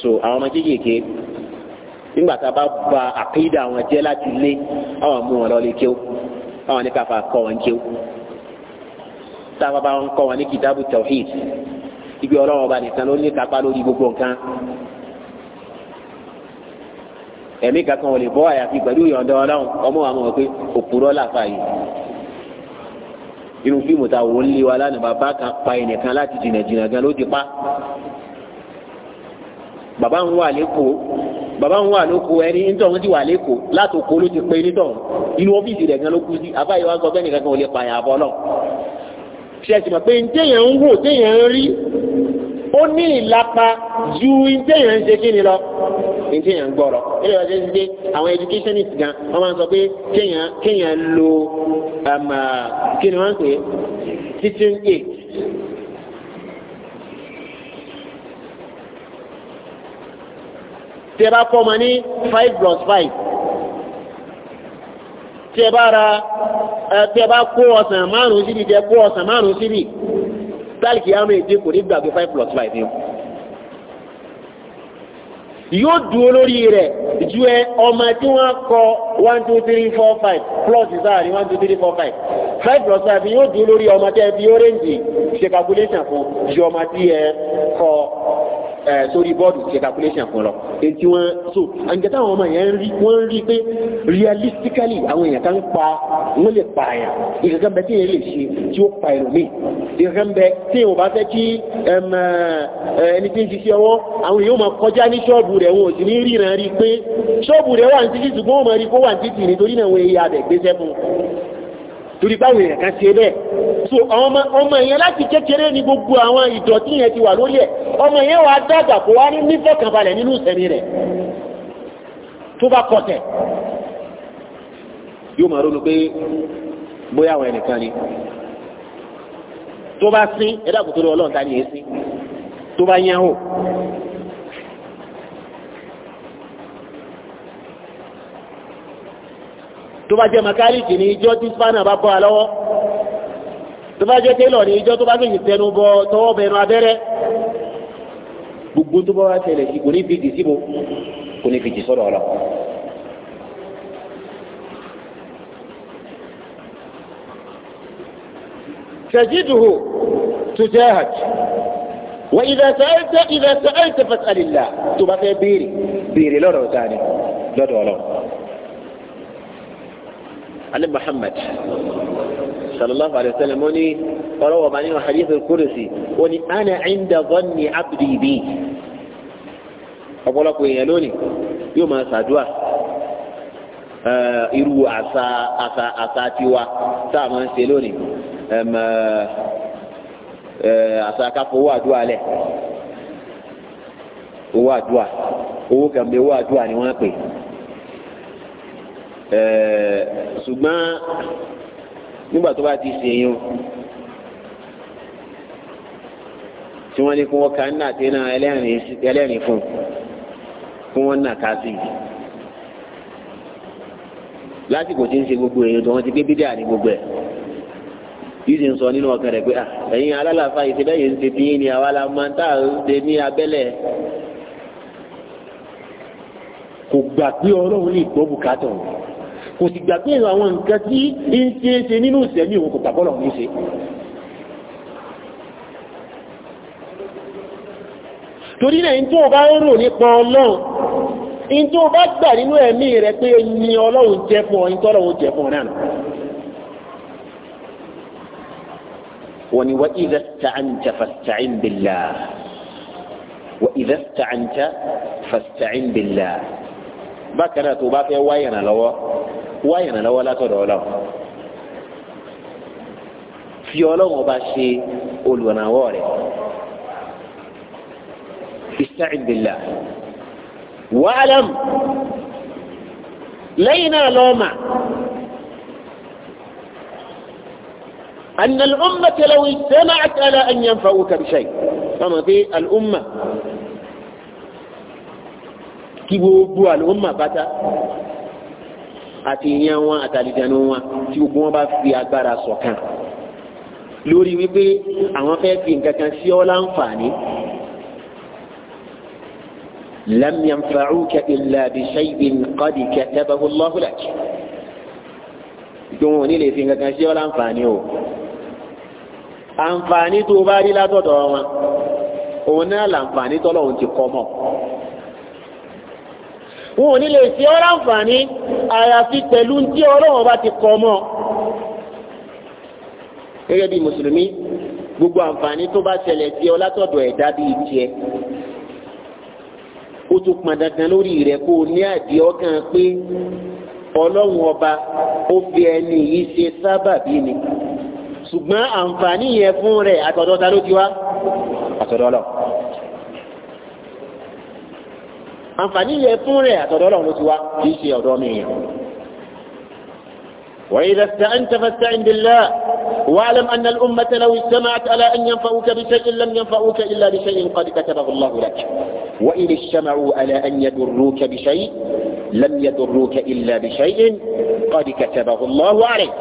so àwọn ọmọ kéékèèké nígbà tá a bá ba àkéyídà àwọn jẹ́ láti lé àwọn mú wọn lọ lé kéw àwọn ní káfa kọ́ wọn kéw tá a bá bá wọn kọ́ wọn ní kìtàbù tawhid ibi ọlọ́run ọba nìkan ló ní kápá lórí gbogbo nǹkan ẹ̀mí kankan ò bọ́ àyàfi pẹ̀lú ìyọ̀ǹda ọlọ́run ọmọ wa mọ̀ pé òpùrọ́ làfà yìí inú fíìmù ta wò ń lé wa lánàá bàbá kan pa ẹnìkan láti jìnnà jìnnà gan ló ti pa Baba ń wà lẹ́kọ̀ọ́ bàbá ń wà lóko ẹni nítorí ti wà lẹ́kọ̀ọ́ látòkó ló ti pé nítorí inú ọ́fíìsì rẹ̀ gan ló kú sí abáyé wa sọ bẹ́ẹ̀ nìkan kan ò lè pààyàn àbọ̀ náà ṣe ẹ̀sìn mọ̀ pé téèyàn ń wò téèyàn ń rí ó ní ìlapa ju téèyàn ń ṣe kí ni lọ téèyàn ń gbọ́rọ̀ ilé ìwà ṣẹ́sí pé àwọn educationist gan wọ́n máa ń sọ pé kéèyàn lo um, kí ni wọ́n ń pè teaching aid tí ẹ bá kọ́ ọmọ ní five plus five tí ẹ bá ra tí ẹ bá kó ọsàn márùn-ún síbi tí ẹ kó ọsàn márùn-ún síbi tálíkì àmì èdè kò ní gbàgbé five plus five ni yóò dúró lórí rẹ̀ ju ẹ ọmọ tí wọ́n kọ one two three four five plus sáàrin one two three four five five plus five yóò dúró lórí ọmọ tẹ́ fi ó rẹ́ǹdì ṣe calculation fún ju ọmọ tí ẹ kọ sórí bọ́ọ̀dù ṣe calculation fún lọ etí wọn so àǹjẹ́ táwọn ọmọ yẹn ń rí wọ́n ń realistically àwọn èèyàn kan pa wọ́n lè pa àyàn ìkankan bẹ tí èèyàn lè ṣe tí ó pa ẹlòmíì ìkankan bẹ tí èèyàn bá fẹ́ kí ẹni tí ń ṣiṣẹ́ ọwọ́ àwọn èèyàn máa kọjá ní ṣọ́ọ̀bù rẹ̀ wọn ò sì ní ríran rí pé ṣọ́ọ̀bù rẹ̀ wà ní títí ṣùgbọ́n wọn máa rí kó wà ní títì nítorí náà wọn èèyàn abẹ gbéṣẹ́ fún torí báwọn èèyàn kan ṣe bẹ́ẹ̀ so ọmọ ọmọ yẹn láti kékeré ni gbogbo àwọn ìdọ̀tí yẹn ti wà lórí ẹ̀ ọmọ yẹn wàá dàgbà kó wá ní nífọ̀kànbalẹ̀ nínú ìsẹ̀mí rẹ̀ tó bá kọsẹ̀ yóò máa ronú pé bóyá àwọn ẹnìkan ni tó bá sín ẹ̀dá kòtò tó bá jẹ́ mẹkáníìkì ní ijọ́ tí spanner bá bọ́ àlọ́wọ́ tó bá jẹ́ tẹ́lọ̀ ní ijọ́ tó bá fèyí tẹnu bọ tọwọ́ bẹnu abẹ́rẹ́ gbogbo tó bá wá ṣẹlẹ̀ sí kò ní fi jì síbo kò ní fi jì sọ́dọ̀ ọ̀lọ́ تجده تجاهك وإذا سألت إذا سألت فاسأل الله تبقى بيري بيري لورو ثاني لورو لورو ani muhammad sallallahu alayhi wa sallam wani ọ̀rọ̀ wà nínú hadith al-kursi wani ana inda zanni abdi bi ọ̀pọ̀lọpọ̀ èèyàn lónìí yóò máa ṣàdúrà eh, irú àṣà àṣà àṣà tiwa tá a máa ń ṣe lónìí eh, àṣà káfọ owó àdúrà lẹ owó àdúrà owó kàmbé owó àdúrà ni wọ́n pè ṣùgbọ́n nígbà tó bá ti ṣe yín tí wọ́n ní kí wọ́n ka ń nà tí náà ẹlẹ́rìn fún kí wọ́n nà ká sí i lásìkò ń ṣe gbogbo èèyàn tó wọ́n ti gbé bídíà ní gbogbo ẹ̀ yìí ti ń sọ nínú ọkàn rẹ̀ pé à ẹ̀yin yìí ti bẹ́ẹ̀ yìí ń ṣe yín ni àwa la máa ń tà ń ṣe ní abẹ́lẹ̀ kò gbà kò sì gbà pé àwọn nǹkan tí ń ṣe é ṣe nínú ìṣẹ́mi òun kò gbàgbọ́ lọ́wọ́ ní ṣe. torí náà ní tó bá ń rò nípa ọlọ́run ní tó bá gbà nínú ẹ̀mí rẹ pé ní ọlọ́run jẹ́ fún ọ tọ́lọ́run jẹ́ fún ọ wọ́n ni wọ́n ìdá ta'anta fasta'in billah wọ́n tó bá fẹ́ wáyà náà lọ́wọ́ wá ìrànlọ́wọ́ látọ̀dọ̀ ọlọ́run fi ọlọ́run ọba ṣe olùrànwọ́ rẹ̀ ista'in billah wa'lam lẹ́yìn náà lọ́ọ̀mà أن الأمة لو اجتمعت على أن ينفعوك بشيء فما في الأمة كيف الأمة بتا àti ìyẹn wọn àtàlìjẹnu wọn tí gbogbo wọn bá fi agbára ṣọ̀kan lórí wípé àwọn fẹ́ fi nǹkan kan sí ọ láǹfààní lam yanfa'uka illa bi shay'in qad katabahu Allahu lak ìgbóhùn onílé fi nǹkan kan sí ọ láǹfààní o àǹfààní tó bá rí látọ̀dọ̀ wọn òun náà làǹfààní tọ́lọ́hun ti kọ́ mọ́ wọn ò ní lè ṣe ọ́ láǹfààní àyàfi pẹ̀lú tí ọlọ́run bá ti kọ́ mọ́ gẹ́gẹ́ bí mùsùlùmí gbogbo àǹfààní tó bá ṣẹlẹ̀ sí ọ látọ̀dọ̀ ẹ̀dá bíi tiẹ̀ ó tún pọn dandan lórí rẹ̀ kó o ní àdìẹ ọkàn pé ọlọ́run ọba ó fi ẹni yìí ṣe sábàbí ni ṣùgbọ́n àǹfààní yẹn fún rẹ̀ àtọ̀dọ̀ ló ti wá àtọ̀dọ̀ ọlọ́run. àǹfààní yẹ fún rẹ̀ àtọ̀dọ̀ ọlọ́run ló ti wá kìí ṣe ọ̀dọ̀ mi yẹn. وإذا استعنت فاستعن بالله واعلم أن الأمة لو اجتمعت على أن ينفعوك بشيء لم ينفعوك إلا بشيء قد كتبه الله لك وإن اجتمعوا على أن يضروك بشيء لم يضروك إلا بشيء قد كتبه الله عليك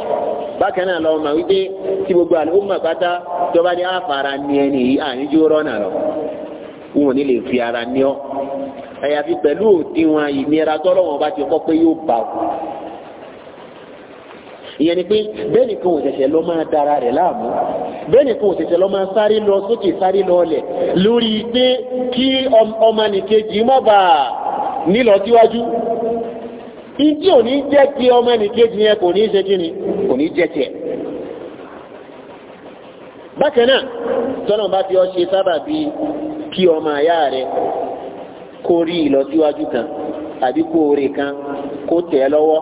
bákan náà lọ ma wípé tí gbogbo àlùmọ̀ pátá tó bá ní àfàrà ní ẹni yìí à ń lọ wọn ò ní lè fi ara ní ọ àyàfi pẹ̀lú òdiwọ̀n ìnira tọ́lọ́wọ́n bá ti kọ́ pé yóò bá wù ìyẹn ni pé bẹ́ẹ̀ nìkan ò ṣẹ̀ṣẹ̀ lọ máa dára rẹ̀ láàmú bẹ́ẹ̀ nìkan ò ṣẹ̀ṣẹ̀ lọ máa sáré lọ sókè sáré lọ ọlẹ̀ lórí pé kí ọmọnìkejì má bàa nílọ síwájú ìdí ò jẹ́ kí ọmọnìkejì yẹn kò ní ṣe kí ni kò ní jẹ́ tiẹ̀ bákan náà tọ́nà bá fi ọ ṣe sábà bíi kí ọmọ àyá rẹ̀ kó rí ìlọsíwájú kan àbí kó oore kan kó tẹ̀ ẹ́ lọ́wọ́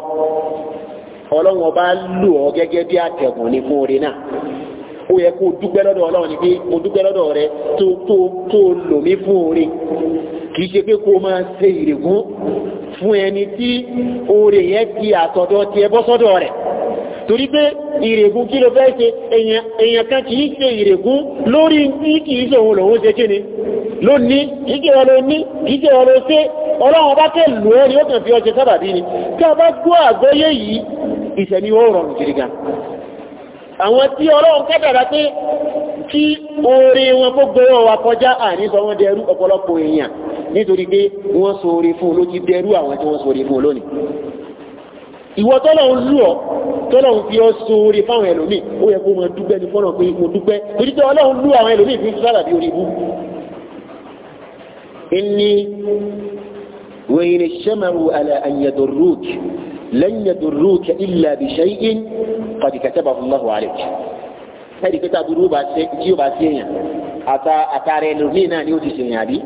ọlọ́run ọba lò ọ gẹ́gẹ́ bí àtẹ̀gùn ní fún oore náà ó yẹ kó dúpẹ́ lọ́dọ̀ ọlọ́run ni pé mo dúpẹ́ lọ́dọ̀ rẹ tó tó tó lò mí fún oore kì í ṣe pé kó máa ṣe ìrègùn fún ẹni tí oore yẹn ti àtọ̀dọ̀ tiẹ̀ bọ́ sọ́dọ̀ rẹ̀ torí pé ìrègùn kí ló fẹ́ ṣe èèyàn kan kì í ṣe ìrègùn lórí tí kì í ṣe òun lòun ṣe kí ni ló ní ìjẹ́ ọ̀rọ̀ ní ìjẹ́ ọ̀rọ̀ ṣe ọlọ́run bá tẹ́ lò ẹ́ ni ó kàn fi ọjẹ́ sábàbí ni tí a bá gbọ́ àgbọ́yé yìí ìṣẹ̀ni ó rọrùn jìrì àwọn tí ọlọ́run kádàrá pé kí oore wọn kó gbọ́wọ́ wa kọjá àárín sọ wọ́n dẹrú ọ̀pọ̀lọpọ̀ èèyàn nítorí pé wọ́n ṣoore fún ló ti dẹrú àwọn tí wọ́n ṣoore fún lónìí ìwọ tọ́lọ̀un lú ọ tọ́lọ̀un fi ọ sóore fáwọn ẹlòmíì ó yẹ kó mọ dúpẹ́ ní fọ́nà pé mo dúpẹ́ torí tọ́lọ̀un lú àwọn ẹlòmíì fi sára bí orí ibú إني وإن اجتمعوا على أن يضروك لن يضروك إلا بشيء قد كتبه الله عليك ẹ̀rí pé táburú tí ó bá sí èèyàn àtàrà ẹlòmíì náà ni ó ti ṣèyàn àbí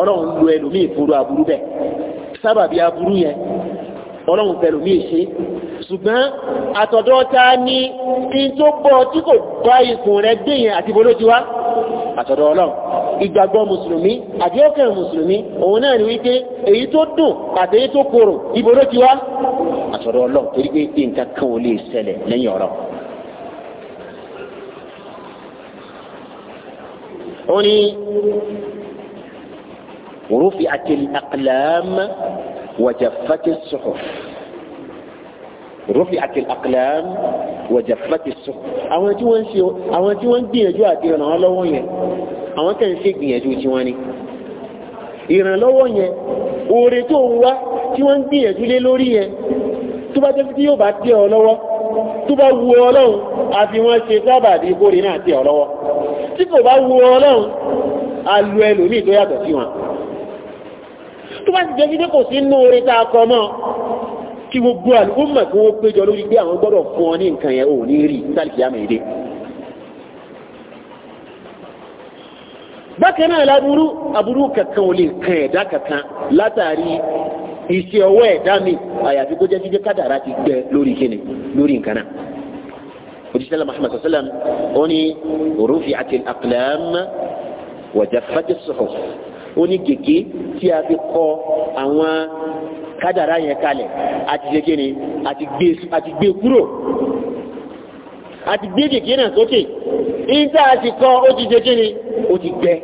ọlọ́run lo ẹlòmíì fúru aburú bẹ́ẹ̀ sábàbí aburú yẹn ọlọ́run fẹlòmíì ṣe ṣùgbọ́n àtọ̀dọ̀ ta ní in tó bọ́ tí kò bá ikùn rẹ̀ gbìyàn àti bolójú wá àtọ̀dọ̀ ọlọ́run ìgbàgbọ́ mùsùlùmí àdíọ́kẹ̀ mùsùlùmí òun náà ni wípé èyí tó dùn àtẹ́yí tó korò ìbolójú wá àtọ̀dọ̀ ọlọ́run torí pé nǹkan kan ò lè ṣẹlẹ̀ lẹ́yìn ọ̀rọ̀ rufi àti àkàlàm wàjàfàtì sọ àwọn tí wọ́n ń ṣe àwọn tí wọ́n ń gbìyànjú àti ìrànlọ́wọ́ lọ́wọ́ yẹn àwọn tẹ̀ ń ṣe gbìyànjú tí wọ́n ní ìrànlọ́wọ́ yẹn oore tó ń wá tí wọ́n ń gbìyànjú lé lórí yẹn tó bá jẹ́ tí yóò bá tẹ́ ọ lọ́wọ́ tó bá wu ọlọ́run àfi wọ́n ṣe sábàbí ìkórè náà tẹ́ ọ lọ́wọ́ tí kò bá wu ọlọ́run alu ẹlòmíì tó yàtọ̀ sí wọn tó bá ti jẹ́ kí kò sí nú oore tá a kọ mọ́ kí gbogbo àlùmọ̀ kí wọ́n péjọ lórí pé àwọn gbọ́dọ̀ fún ọ ní nǹkan yẹn ò ní rí sálìkì àmẹ́dẹ́. bákan náà láburú aburú kankan ò lè kan ẹ̀dá kankan látàrí iṣẹ́ ọwọ́ ẹ̀dá mi àyàfi kó jẹ́ jíjẹ́ kádàrá ti gbẹ lórí kíni lórí nǹkan náà. òjíṣẹ́ lọ́mọ ahmed sọ́sẹ́lẹ̀m ó rufi àti aqlam wàjà fàjẹsọ̀rọ̀ ó ní gègé tí a fi kọ àwọn kádàrá yẹn kalẹ̀ àti ṣe kíni àti gbé kúrò àti gbé kèké náà sókè níta àti kọ́ ó ti ṣe kíni ó ti gbẹ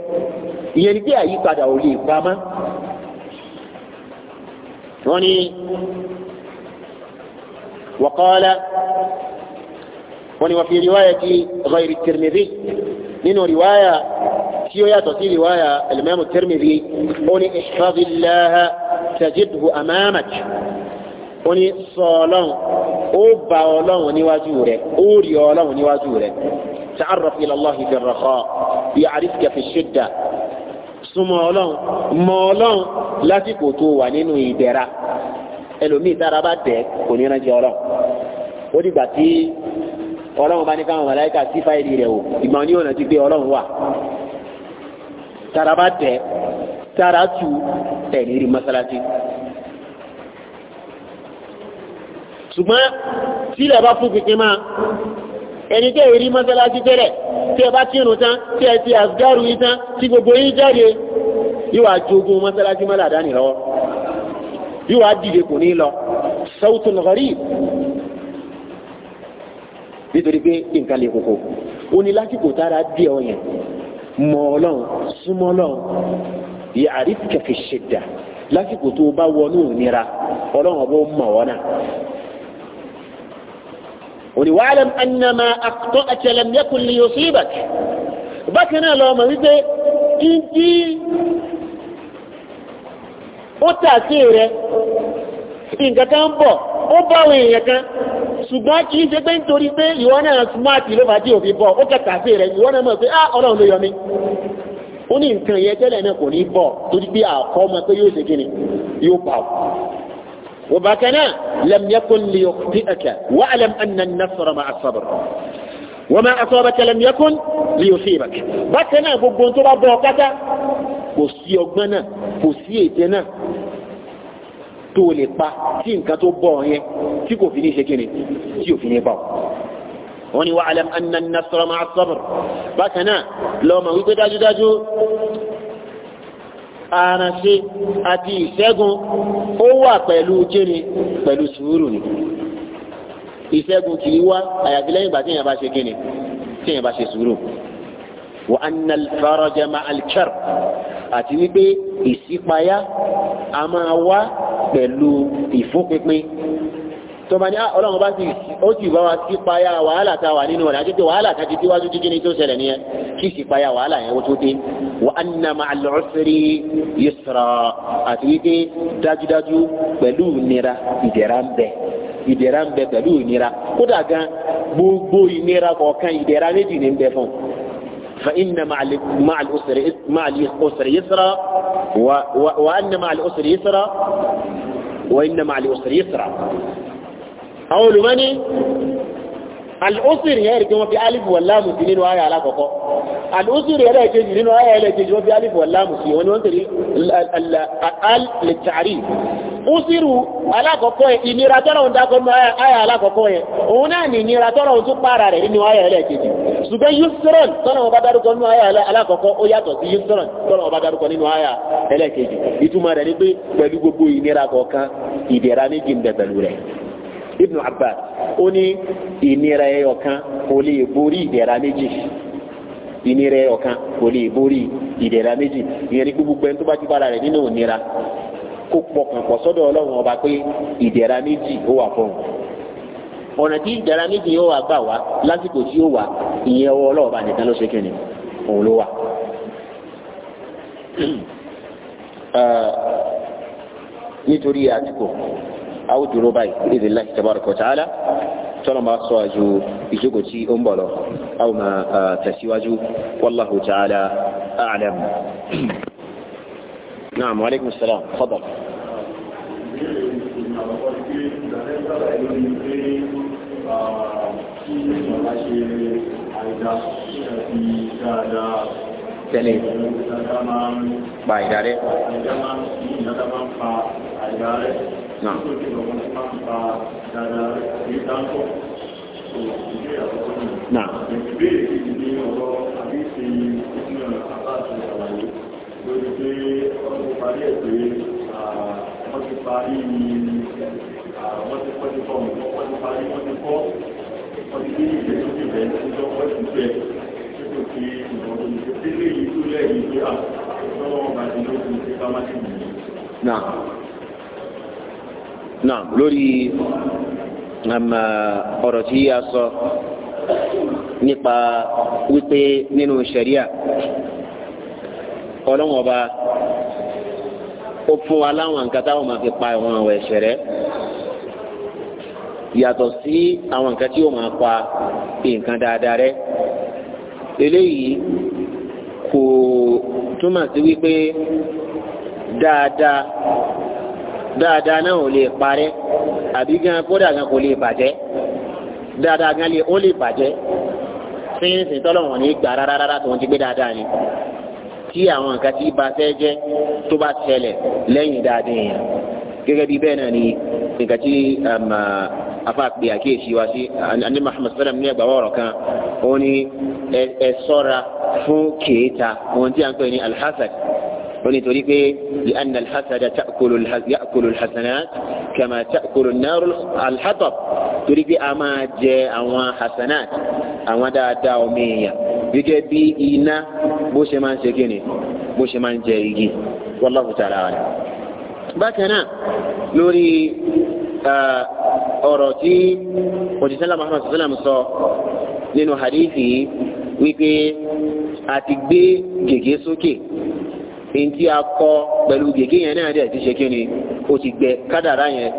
ìyẹn ni pé àyípadà ò lè pamọ́ wọ́n ní وقال وني وفي رواية غير الترمذي من رواية سيوية تصير رواية الإمام الترمذي قل احفظ الله tajidu amamak ó ní sọ ọlọ́run ó bá ọlọ́run níwájú rẹ̀ ó rí ọlọ́run níwájú rẹ̀ ta'arraf ila Allahi fi raqa ya'rifka fi shidda súnmọ́ ọlọ́run mọ ọlọ́run lásìkò tó wà nínú ìdẹ̀ra ẹlòmíì tára bá tẹ̀ kò ní rántí ọlọ́run ó dìgbà tí ọlọ́run bá ní káwọn màláíkà sí fáìlì rẹ̀ o ìgbà ní ọ̀nà ti pé ọlọ́run wà tára bá tẹ̀ tu ẹ̀ ní rí mọ́sálásí. ṣùgbọ́n sílẹ̀ bá fún kìkì máa ẹni tẹ́ ìrí mọ́sálásí tẹ́lẹ̀ tí ẹ bá kírun tán tí ẹ ti àsìgáàrù yìí tán tí gbogbo yìí jáde yíwà jogun mọ́sálásí mọ́lá dání lọ́wọ́ yíwà dìde kò ní lọ sawtun gharib nítorí pé nǹkan lè kókó o ní lásìkò tára díẹ̀ ọ̀yẹn mọ́ ọlọ́run súnmọ́ ọlọ́run ya'rifka fi shidda lásìkò tó bá wọnú nira ọlọ́run ọba ó mọ̀ wọ́n náà. òní wa'lam annama akhta'aka lam yakun liyusibak bákan náà lọ́wọ́ mọ̀ wípé kíntì ó tà sí rẹ̀ nǹkan kan bọ̀ ó bá àwọn èèyàn kan ṣùgbọ́n kì í ṣe pé nítorí pé ìwọ náà smarti ló fà á tí òfin bọ̀ ó kẹta sí rẹ̀ ìwọ náà mọ̀ pé ọlọ́run ló yọ mi ó ní nǹkan yẹn tẹ́lẹ̀ náà kò ní bọ̀ torí pé àkọ́ ọmọ pé yóò ṣe kíni yóò ba ọ́. lè lẹ́m fi ẹ̀kẹ́ á وبكنا لم يكن ليخطئك واعلم أن النصر مع الصبر وما أصابك لم يكن ليصيبك بكنا gbogbo tó bá bọ̀ kátá kò sí ọgbọ́n náà kò sí ète náà tó lè pa tí nǹkan tó bọ̀ yẹn tí kò fi ní ṣe kíni tí ò fi ní bọ̀. wọ́n ní wa'lam anna an-nasra ma'a as-sabr bákan náà lọ́mọ wípé dájúdájú àrànṣe àti ìṣẹ́gun ó wà pẹ̀lú kíni pẹ̀lú sùúrù ni ìṣẹ́gun kì í wá àyàfi lẹ́yìn ìgbà tí èèyàn bá ṣe sùúrù wa anna al-faraja ma'a àti wípé ìṣípayá a máa wá pẹ̀lú ìfúnpinpin tó bá ní ah, ọlọ́run bá ti ó ti bá wa sí payá wàhálà ta wà nínú rẹ̀ àjẹjẹ wàhálà ta ti tíwájú jíjí ní tó ṣẹlẹ̀ nìyẹn kí sì payá wàhálà yẹn wọ́n tó dé wa anna ma'al usri yusra àti wípé dájúdájú pẹ̀lú ìnira ìdẹ̀ra ń bẹ ìdẹ̀ra ń bẹ pẹ̀lú ìnira kódà gan gbogbo ìnira kọ̀ọ̀kan ìdẹ̀ra méjì ní ń bẹ fún فإن مع مع الأسر مع الأسر يسرا وأن مع الأسر يسرا وإن مع الأسر يسرا àwọn olùmọ́ni alùsìrì yẹn rìkí wọ́n fi alifu wàlámù sí nínú ayà alákọ̀ọ́kọ́ alùsìrì yẹn lẹ́ẹ̀kejì nínú ayà ẹlẹ́ẹ̀kejì wọ́n fi alifu wàlámù sí wọn ni wọ́n tẹ̀lé alìtàrí usiru alákọ̀ọ́kọ́ yẹn ìnira tọ́lọ̀ ń dákọ́ nínú ayà alákọ̀ọ́kọ́ yẹn òun náà ní ìnira tọ́lọ̀ ń tún pààrà rẹ̀ nínú ayà ẹlẹ́ẹ̀kejì ṣùgbọ́n yusron tọ́lọ̀ ọba dárúkọ nínú ayà alákọ̀ọ́kọ́ ó yàtọ̀ sí yusron tọ́lọ̀ ọba dárúkọ nínú ayà ẹlẹ́ẹ̀kejì ìtumọ̀ rẹ̀ ni pé pẹ̀lú gbogbo ìnira kọ̀ọ̀kan ìdẹ̀ra méjì ń bẹ pẹ̀lú rẹ̀ ibn abbas ó ní ìnira ẹyọ kan kò lè borí ìdẹ̀ra méjì ìnira ẹyọ kan kò lè borí ìdẹ̀ra méjì ìyẹn ní gbogbo ẹni tó bá ti bára rẹ̀ nínú ìnira kó pọkàn pọ̀ sọ́dọ̀ ọlọ́run ọba pé ìdẹ̀ra méjì ó wà fún un ọ̀nà tí ìdẹ̀ra méjì yóò wá gbà wá lásìkò tí yóò wá ìyẹn ọwọ́ ọlọ́ọ̀ba nìkan ló ṣe kẹ́ni òun ló wà. nítorí àtìkò a ó dúró báyìí ìdí láti tabaraka wa ta'ala tọ́lọ̀ máa sọ àjò ìjókòó tí ó ń bọ̀ lọ a ó máa tẹ̀síwájú wallahu ta'ala a'lam. Naam, wa alaikum salam, fadal. Kí ni ọ̀la ṣe àìdá ṣe fi dáadáa tẹ́lẹ̀ pa ìdá rẹ̀. Náà. Ìbéèrè yìí ni ọ̀rọ̀ àbí ṣe ìpínlẹ̀ àbáṣe àlàyé lórí pé ọdún parí ẹ̀ pé wọ́n ti parí wọ́n ti kọ́ ti fọ́ọ̀mù wọ́n ti parí wọ́n ti kọ́ wọ́n ti dé ìgbésókè bẹ́ẹ̀ tó jọ wọ́n ti bẹ́ẹ̀ ṣe ìwọ̀n ìgbésílẹ̀ yìí tó lẹ́yìn pé àtọ́wọ́n bàjẹ́ ló ti ṣe bá má ti mú un. Naam. Naam lórí um, uh, ọ̀rọ̀ tí a sọ nípa wípé nínú ṣẹ̀ríà ọlọ́wọ́n ọba ó fún wa láwọn nǹkan táwọn máa fi pa àwọn àwọn ẹ̀ṣẹ̀ rẹ̀ yàtọ̀ sí àwọn nǹkan tí ó máa pa nǹkan dáadáa rẹ̀ eléyìí kò túmọ̀ sí wípé dáadáa dáadáa náà ò lè parẹ́ àbí gan kódà gan kò lè bàjẹ́ dáadáa gan ó lè bàjẹ́ sínsìn tọ́lọ̀wọ̀n ní gbà rárá rárá tó ń ti gbé dáadáa ni tí àwọn nǹkan tí ba fẹ́ jẹ́ tó bá ṣẹlẹ̀ lẹ́yìn dáadáa yẹn gẹ́gẹ́ bí bẹ́ẹ̀ náà ni nǹkan tí um, afa pe àkíyèsí wa sí ani Muhammad sallam ní ẹgbàá ọ̀rọ̀ kan ó ní ẹ ṣọ́ra fún kéèta ohun tí a ń pè ní alhassad ó ní torí pé li anna alhassad yakulu alhassanat kama takulu naaru alhatab torí pé a máa jẹ àwọn hassanat àwọn dáadáa ọmọ èèyàn gẹ́gẹ́ bí iná bó ṣe máa ń ṣe kíni bó ṣe máa ń jẹ igi wallahu ta'ala bákan náà lórí ọ̀rọ̀ tí òjísẹ́lá Muhammad sallam sọ nínú hadithi wípé a ti gbé gègé sókè èyí tí a kọ pẹ̀lú gègé yẹn náà dẹ̀ ti ṣe kí ni o ti gbẹ kádàrá yẹn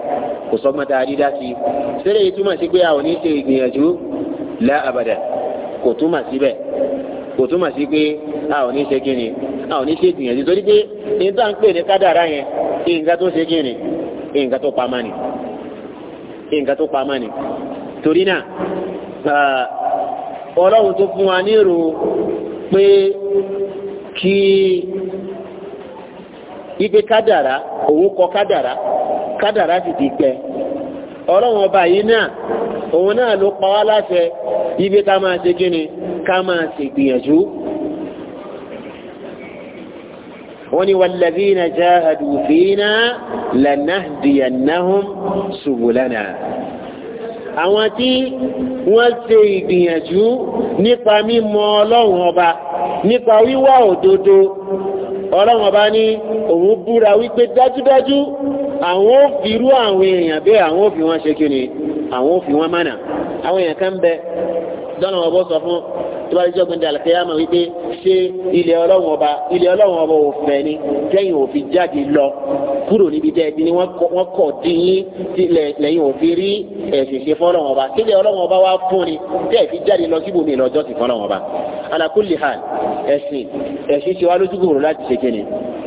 kò sọ mọ́ta dídá sí i sẹ́lẹ̀ yìí túmọ̀ sí pé a ò ní ṣe ìgbìyànjú lá àbàdà kò túmọ̀ síbẹ̀ kò túmọ̀ sí pé a ò ní ṣe kí ni a ò ní ṣe ìgbìyànjú torí pé nígbà ń pè ní kádàrá yẹn nǹkan tó ṣe kí ni nǹkan tó pamọ́ ni. nǹkan tó pamọ́ ni torí náà ọlọ́run tó fún wa nírò pé kí ipe kádàrá òun kọ kádàrá kádàrá sì ti pẹ́ ọlọ́run ọba yìí náà òun náà ló pa wá láṣẹ ibi ká máa ṣe ni ká máa ṣègbìyànjú wọ́n ní walladhina jahadu fina lanahdiyannahum subulana àwọn tí wọ́n ṣe ìgbìyànjú nípa mímọ̀ ọlọ́run ọba nípa wíwá òdodo ọlọ́run ọba ní òun búra wípé dájúdájú àwọn ò fi irú àwọn èèyàn bẹ́ẹ̀ àwọn ò fi wọ́n ṣe kí ni àwọn ò fi wọ́n mánà àwọn èèyàn kan bẹ dọ́nà ọbọ̀ sọ fún tó bá jọ́gbìn dàlẹ́ wípé ṣe ilẹ̀ ọlọ́run ọba ilẹ̀ ọlọ́run ọba òfẹ́ ni kẹ́yìn òfin jáde lọ kúrò níbi tẹ́ ẹ ti ni wọ́n kọ̀ dín yín lẹ́yìn òfin rí ẹ̀sìn ṣe fọ́lọ́run ọba kílẹ̀ ọlọ́run ọba wá fún ni tẹ́ ẹ fi jáde lọ síbòmí lọ́jọ́ sí fọ́lọ́run ọba ala kulli hal ẹ̀sìn ẹ̀sìn ṣe wá lójú kòrò láti ṣe kíni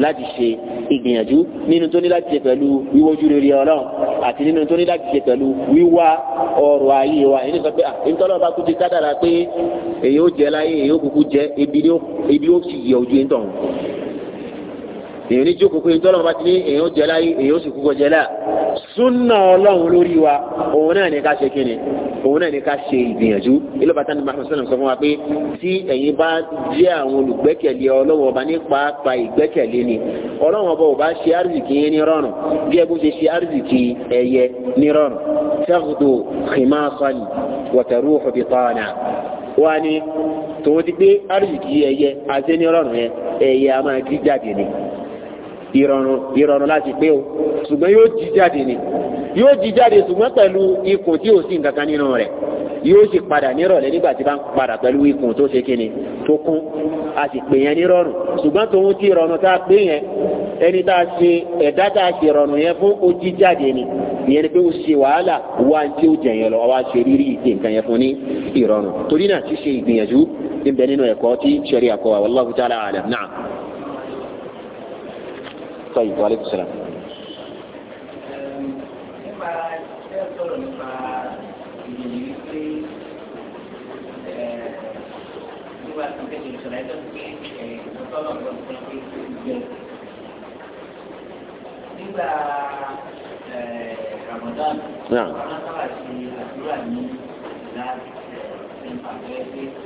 láti ṣe ìgbìyànjú nínú tó ní láti ṣe pẹ̀lú wíwójú rere ọlọ́run àti nínú tó ní láti ṣe pẹ̀lú wíwá ọrọ̀ ayé wa ẹni sọ pé à ń tọ́lọ́ bá kú ti kádàrà pé èyí ó jẹ láyé èyí ó kúkú jẹ ebi ni ó ebi ó sì yẹ ojú yín tọ̀hún èèyàn ní jókòó pé tọ́lọ́ bá ti ní èèyàn jẹ láyé èèyàn sì kúkọ jẹ láà súnà ọlọ́run lórí wa òun náà ní ká ṣe kíni òun náà ní ká ṣe ìgbìyànjú ilé bàtà ní mahamud sọlọm sọ fún wa pé tí ẹ̀yin bá jẹ́ àwọn olùgbẹ́kẹ̀lé ọlọ́wọ́ ọba nípa pa ìgbẹ́kẹ̀lé ni ọlọ́run ọba ò ṣe àrísìkì yẹn ní rọrùn bí ẹ ṣe ṣe àrísìkì ẹyẹ ní rọrùn tẹ́kùtù kìmáṣọ́lì wọ̀tẹ̀rú ọ̀bìtọ́ọ̀nà wá ní tòun ti gbé àríyìkì ẹyẹ àti ní ọlọ́run yẹn ẹyẹ a máa jí jáde ni ìrọ̀rùn ìrọ̀rùn láti pé o ṣùgbọ́n yóò jí jáde ni yóò jí jáde ṣùgbọ́n pẹ̀lú ikùn tí ò sí nǹkan kan nínú rẹ̀ yóò sì padà nírọ̀lẹ́ nígbà tí bá ń padà pẹ̀lú ikùn tó ṣe kíni tó kún a sì pè yẹn nírọ̀rùn ṣùgbọ́n tòun ti rọ̀rùn tá a pè yẹn ẹni tá a ṣe ẹ̀dá tá a ṣe rọ̀rùn yẹn fún ó jáde ni ìyẹn ni pé ó ṣe wàhálà wá tí ó jẹ̀yẹn lọ wá ṣe rírí ìdè nǹkan yẹn fún ní ìrọ̀rùn torí náà ṣíṣe ìgbìyànjú ń bẹ nínú ẹ̀kọ́ tí sẹ̀rí àkọ́ wa wallahu ta'ala alam na'am. sọyìn wa aleykum Ramadan. Wọ́n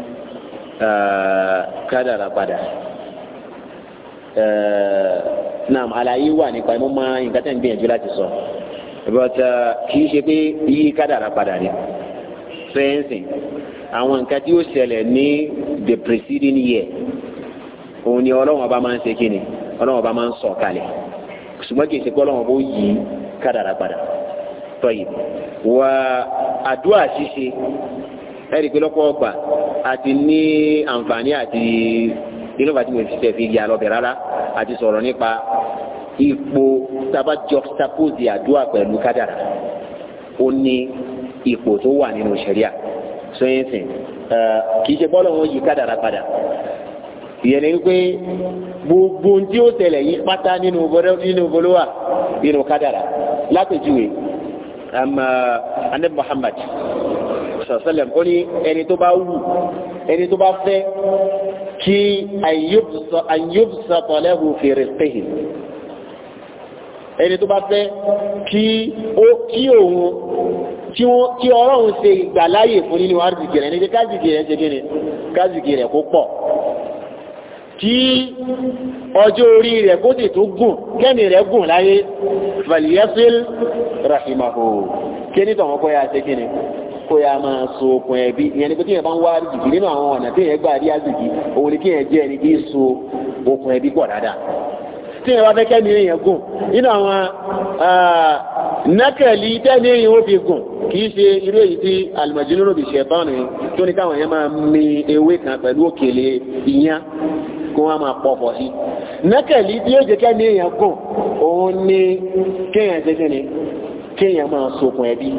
Eh, kádàrà padà eh, naam àlàyé wà nípa mo máa nǹkan tẹ̀ ń gbìyànjú láti sọ but eh, kì í ṣe pé yí kádàrà padà ni fẹ́ǹsì àwọn nǹkan tí ó ṣẹlẹ̀ ní the preceding year òun ni ọlọ́wọ́n ọba máa ń ṣe kíni ọlọ́wọ́n ọba máa ń sọ kalẹ̀ ṣùgbọ́n kì í ṣe pé ọlọ́wọ́n ọba ó yí kádàrà padà tọ́yì wà àdúrà ṣíṣe ẹ̀rí pé lọ́pọ̀ ọgbà àti ní àǹfààní àti ìlọ́fà tí mo fi tẹ̀ fi yà lọ́bẹ̀ rárá àti sọ̀rọ̀ nípa ipò sábà juxtapose àdúrà pẹ̀lú kádàrà ó ní ipò tó wà nínú ṣẹ̀ríà sọ́yẹ́nsìn kì í ṣe bọ́ọ̀lù wọn yí kádàrà padà ìyẹn ni pé gbogbo tí ó tẹ̀lẹ̀ yí pátá nínú bolówà nínú kádàrà lápèjúwe um, uh, Ànábì Muhammad sọ̀sẹ́lẹ̀ ó ní ẹni tó bá wù ẹni tó bá fẹ́ kí àyùbùsọ̀tọ̀lẹ́hù fèrè pèhìn ẹni tó bá fẹ́ kí ó kí òun tí ọlọ́run ṣe ìgbàláyè fún nínú àrùsìkì rẹ̀ nígbẹ́ káàkiri rẹ̀ ṣe gẹ́rẹ̀ káàkiri rẹ̀ kó pọ̀ tí ọjọ́ orí rẹ̀ kó sì tó gùn kẹ́mì rẹ̀ gùn láyé valiyasil rahimahu kí ní ya ṣe gẹ́rẹ̀ kó ya máa so okùn ẹbí ìyẹn ni pé kí yẹn bá ń wá àríjìkì nínú àwọn ọ̀nà tí yẹn gbà rí àríjìkì òun ni kí yẹn jẹ́ ẹni tí so okùn ẹbí pọ̀ dáadáa tí yẹn bá fẹ́ kẹ́mi èèyàn gùn nínú àwọn nákẹ́lì tẹ́mi èèyàn ó fi gùn kì í ṣe irú èyí tí alìmọ̀jìnlónà fi ṣẹ̀tàn ni tó ní káwọn yẹn máa mi ewé kan pẹ̀lú òkèlè ìyán kó wọ́n máa pọ̀pọ̀ sí nákẹ́lì tí yóò jẹ́ kẹ́mi èèyàn gùn òun ni kéèyàn jẹ́ kéèyàn máa sokùn ẹbí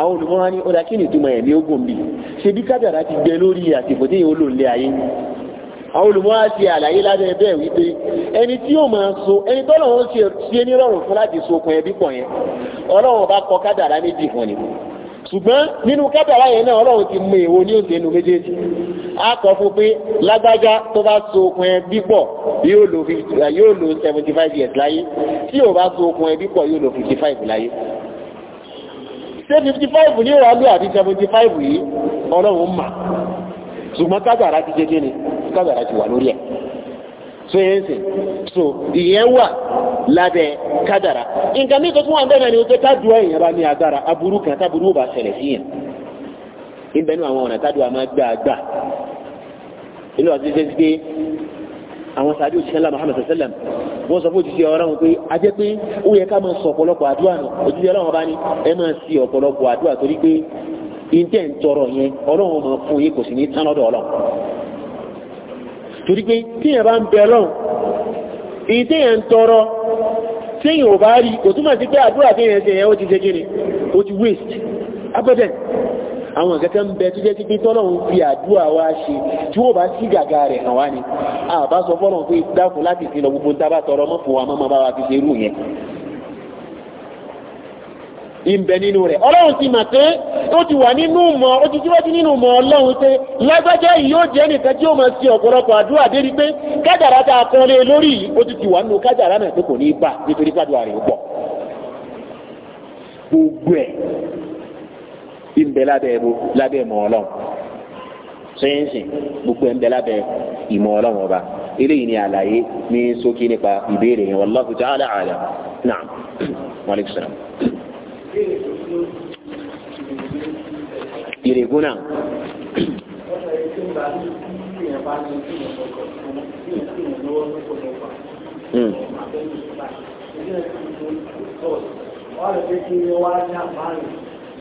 àwọn olùmọ̀ràn ni ọ̀dà kí ni ìtumọ̀ ẹ̀mí ogun bì ṣe bí kádàrá ti gbẹ lórí àsìkò tí yóò lò lé ayé àwọn olùmọ̀ràn ti àlàyé lábẹ́ bẹ́ẹ̀ wípé ẹni tí yóò máa so ẹni tọ́lọ̀ wọn ṣe ṣe ní rọrùn fún láti so okùn ẹbí pọ̀ yẹn ọlọ́run bá kọ kádàrá méjì fún ni ṣùgbọ́n nínú kádàrá yẹn náà ọlọ́run ti mú èwo ní òsè nu méjèèjì a kọ fún pé lágbájá tó bá so okùn ẹbí pọ̀ yóò lo seventy five years láyé tí yóò bá so okùn ẹbí pọ̀ yóò lo fifty five láyé ṣé fifty five ní ìrọ̀lú àti seventy five yìí ọlọ́run mà ṣùgbọ́n kádàrá ti jẹ́ kíni kádàrá ti wà lórí ẹ̀ so yẹn sè so ìyẹn wà lábẹ́ kádàrá nǹkan mi tó tún wà ń bẹ̀rẹ̀ ni o pé tádùá èèyàn bá ní agbára aburú kan táburú bá ṣẹlẹ̀ sí yẹn ìbẹ̀nu àwọn ọ̀nà tádùá máa gbà gbà inú ọ̀sẹ̀ ṣe ti pé àwọn sàbí òjì sẹ́lá Muhammad sẹ́lẹ̀m wọ́n sọ fún òjì sí ọ̀rọ̀ wọn pé a jẹ́ pé ó yẹ ká máa sọ ọ̀pọ̀lọpọ̀ àdúrà nù òjì sí ọlọ́run bá ní ẹ máa sí ọ̀pọ̀lọpọ̀ àdúrà torí pé ìtẹ̀ ń tọrọ yẹn ọlọ́run máa fún yín kò sì ní tán lọ́dọ̀ àwọn nǹkan tó ń bẹ tó jẹ́ títí tọ́lọ́run fi àdúrà wa ṣe tí wọ́n bá sí gàgà rẹ̀ hàn wá ni àbá sọ fọ́lọ́run pé dákun láti fi lọ gbogbo ń tábà tọrọ mọ́ fún wa mọ́ bá wa fi ṣe irú yẹn ìbẹ̀ nínú rẹ̀ ọlọ́run ti mà pé ó ti wà nínú mọ̀ ó ti síwájú nínú mọ̀ ọlọ́run pé lágbájá yìí yóò jẹ́ nìkan tí ó máa ṣe ọ̀pọ̀lọpọ̀ àdúrà débi pé kájàrá tá a e lórí yìí ó ìbẹ̀ lábẹ́ ẹ̀bù lábẹ́ ìmọ̀ ọlọ́run sẹ́yìnsì gbogbo ẹ̀ ń bẹ lábẹ́ ìmọ̀ ọlọ́run ọba eléyìí ni àlàyé ní ṣókí nípa ìbéèrè yẹn wallahu ta'ala a'lam na'am wa alaykum salam. ìrègùn náà. Mm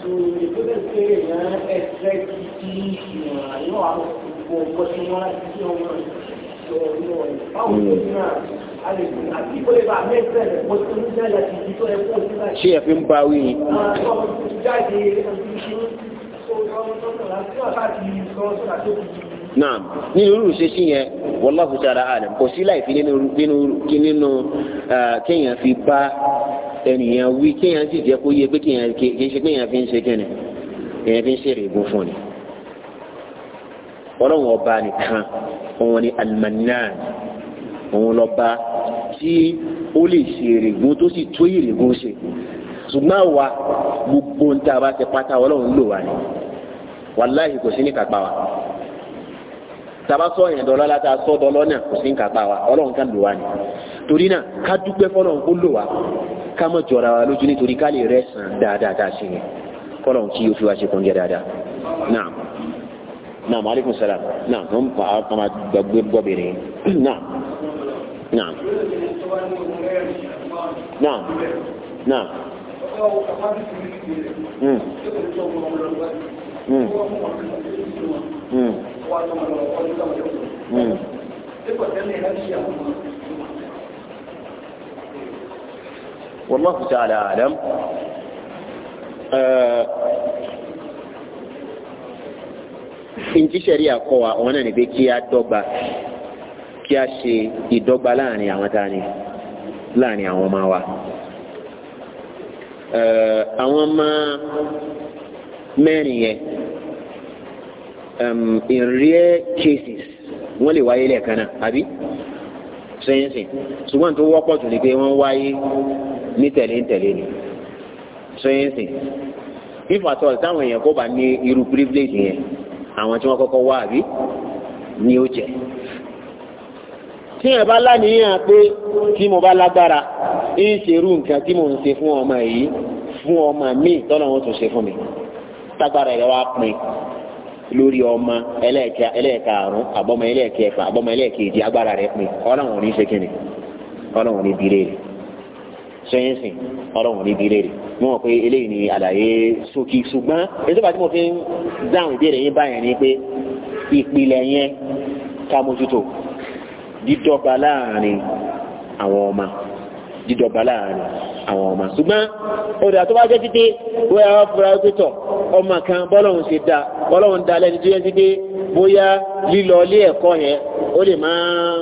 so ètò bẹ́ẹ̀ pé èèyàn ẹ̀fẹ́ não di ìwọ̀n àyọ̀ àwọn gbogbo ọ̀pọ̀ tí wọ́n ti di ọmọ ìṣòro ìwọ̀n báwo ló ń rà àti ìkọ́lé bá mẹ́fẹ́ rẹ̀ mo ti ń jáde àti ìdí tó ẹ̀kọ́ sí láti. ṣé ẹ fi ń ba wí. ọmọ tó ti jáde naam ní irú ìṣesí yẹn wallahu ta'ala alam kò sí láì fi nínú kéèyàn uh, fi bá ẹnìyàn wí kéèyàn sì jẹ́ kó yẹ pé kéèyàn kì í ṣe kéèyàn fi ń ṣe kẹ́ni èèyàn fi ń ṣe rèébù fún ni. ọlọ́run ọba nìkan òun ni almanan òun lọ́ba tí ó lè ṣe rèébù tó sì tó ìrèébù ṣe ṣùgbọ́n àwa gbogbo ń tá a bá ti pátá ọlọ́run lò wá ni wàláhì kò sí ní kápá wa taba sọ yẹn dọlọ la ta sọ dọlọ náà kò sí ní kápá wa ọlọ́run kan lò wá ni torí náà ká dúpẹ́ fọlọ́run kó lò wá ká má lójú nítorí ká lè rẹ̀ sàn dáadáa tá a ṣe yẹn kọ́lọ̀ kí o fi wá ṣe kún dáadáa náà náà maaleykum salaam náà wọ́n fa àwọn gbàgbé gbọ́bìnrin náà náà náà náà. Mm. Mm. Mm. Mm. والله تعالى أعلم ntí sẹ́rí àkọ́ wa ọ̀hún náà ni pé kí a dọ́gba kí a ṣe ìdọ́gba láàrin àwọn tá a ní láàrin àwọn ọmọ wa. àwọn ọmọ mẹ́rin yẹn in rare cases wọ́n lè wáyé lẹ́ẹ̀kan náà àbí sẹ́yìnsìn ṣùgbọ́n tó wọ́pọ̀ jù ni pé wọ́n wáyé ní tẹ̀léńtẹ̀lé ni sẹ́yìnsìn if at all táwọn èèyàn kò bá ní irú privilege yẹn àwọn tí wọ́n kọ́kọ́ wá àbí ni ó jẹ́ tí yẹn bá láníyàn pé tí mo bá lágbára ń ṣerú nǹkan tí mo ń ṣe fún ọmọ yìí fún ọmọ mi tọ́lọ́wọ́n tó ṣe fún mi tágbára ẹ̀ wá pin lórí ọmọ ẹlẹẹka ẹlẹ́ẹ̀karùn abọ́mọ ẹlẹ́ẹ̀kẹfà abọ́mọ ẹlẹ́ẹ̀kejì agbára rẹ̀ pin ọlọ́run ní ṣe ọlọ́run ní bílé rẹ̀ sẹ́yìnsì ọlọ́run ní bílé rẹ̀ mo mọ̀ pé eléyìí ni àlàyé ṣókí ṣùgbọ́n èyí tó bá tí mo fi ń dáhùn ìbéèrè yín ni pé ìpìlẹ̀ àwọn ọmọ ṣùgbọ́n ọ̀dà tó bá jẹ́ títí wọ́n yà wá fura pé tọ̀ ọmọ kan bọ́lọ́hún ṣe da bọ́lọ́hún da lẹ́ni tó yẹ títí bóyá lílọ ilé ẹ̀kọ́ yẹn ó lè máa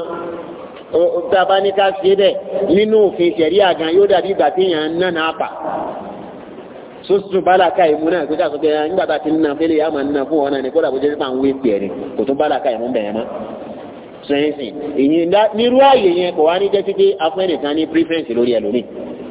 tá a bá ní ká ṣe bẹ́ẹ̀ nínú òfin ìṣẹ̀rí àgàn yóò dàbí ìgbà tí èèyàn ń nànà àpà sosu balaka imu náà kó dàgbé ẹ ah, nígbà tá a ti nà fẹlẹ yà máa nà fún wọn náà ni kó dàgbé jẹ́ sípà kò tó balaka imu bẹ̀rẹ̀ mọ́ sẹ́yìn sìn ìyìn nírú ààyè yẹn kò wá ní jẹ́ títí afẹ́nìkan ní preference lórí ẹ̀ lónìí.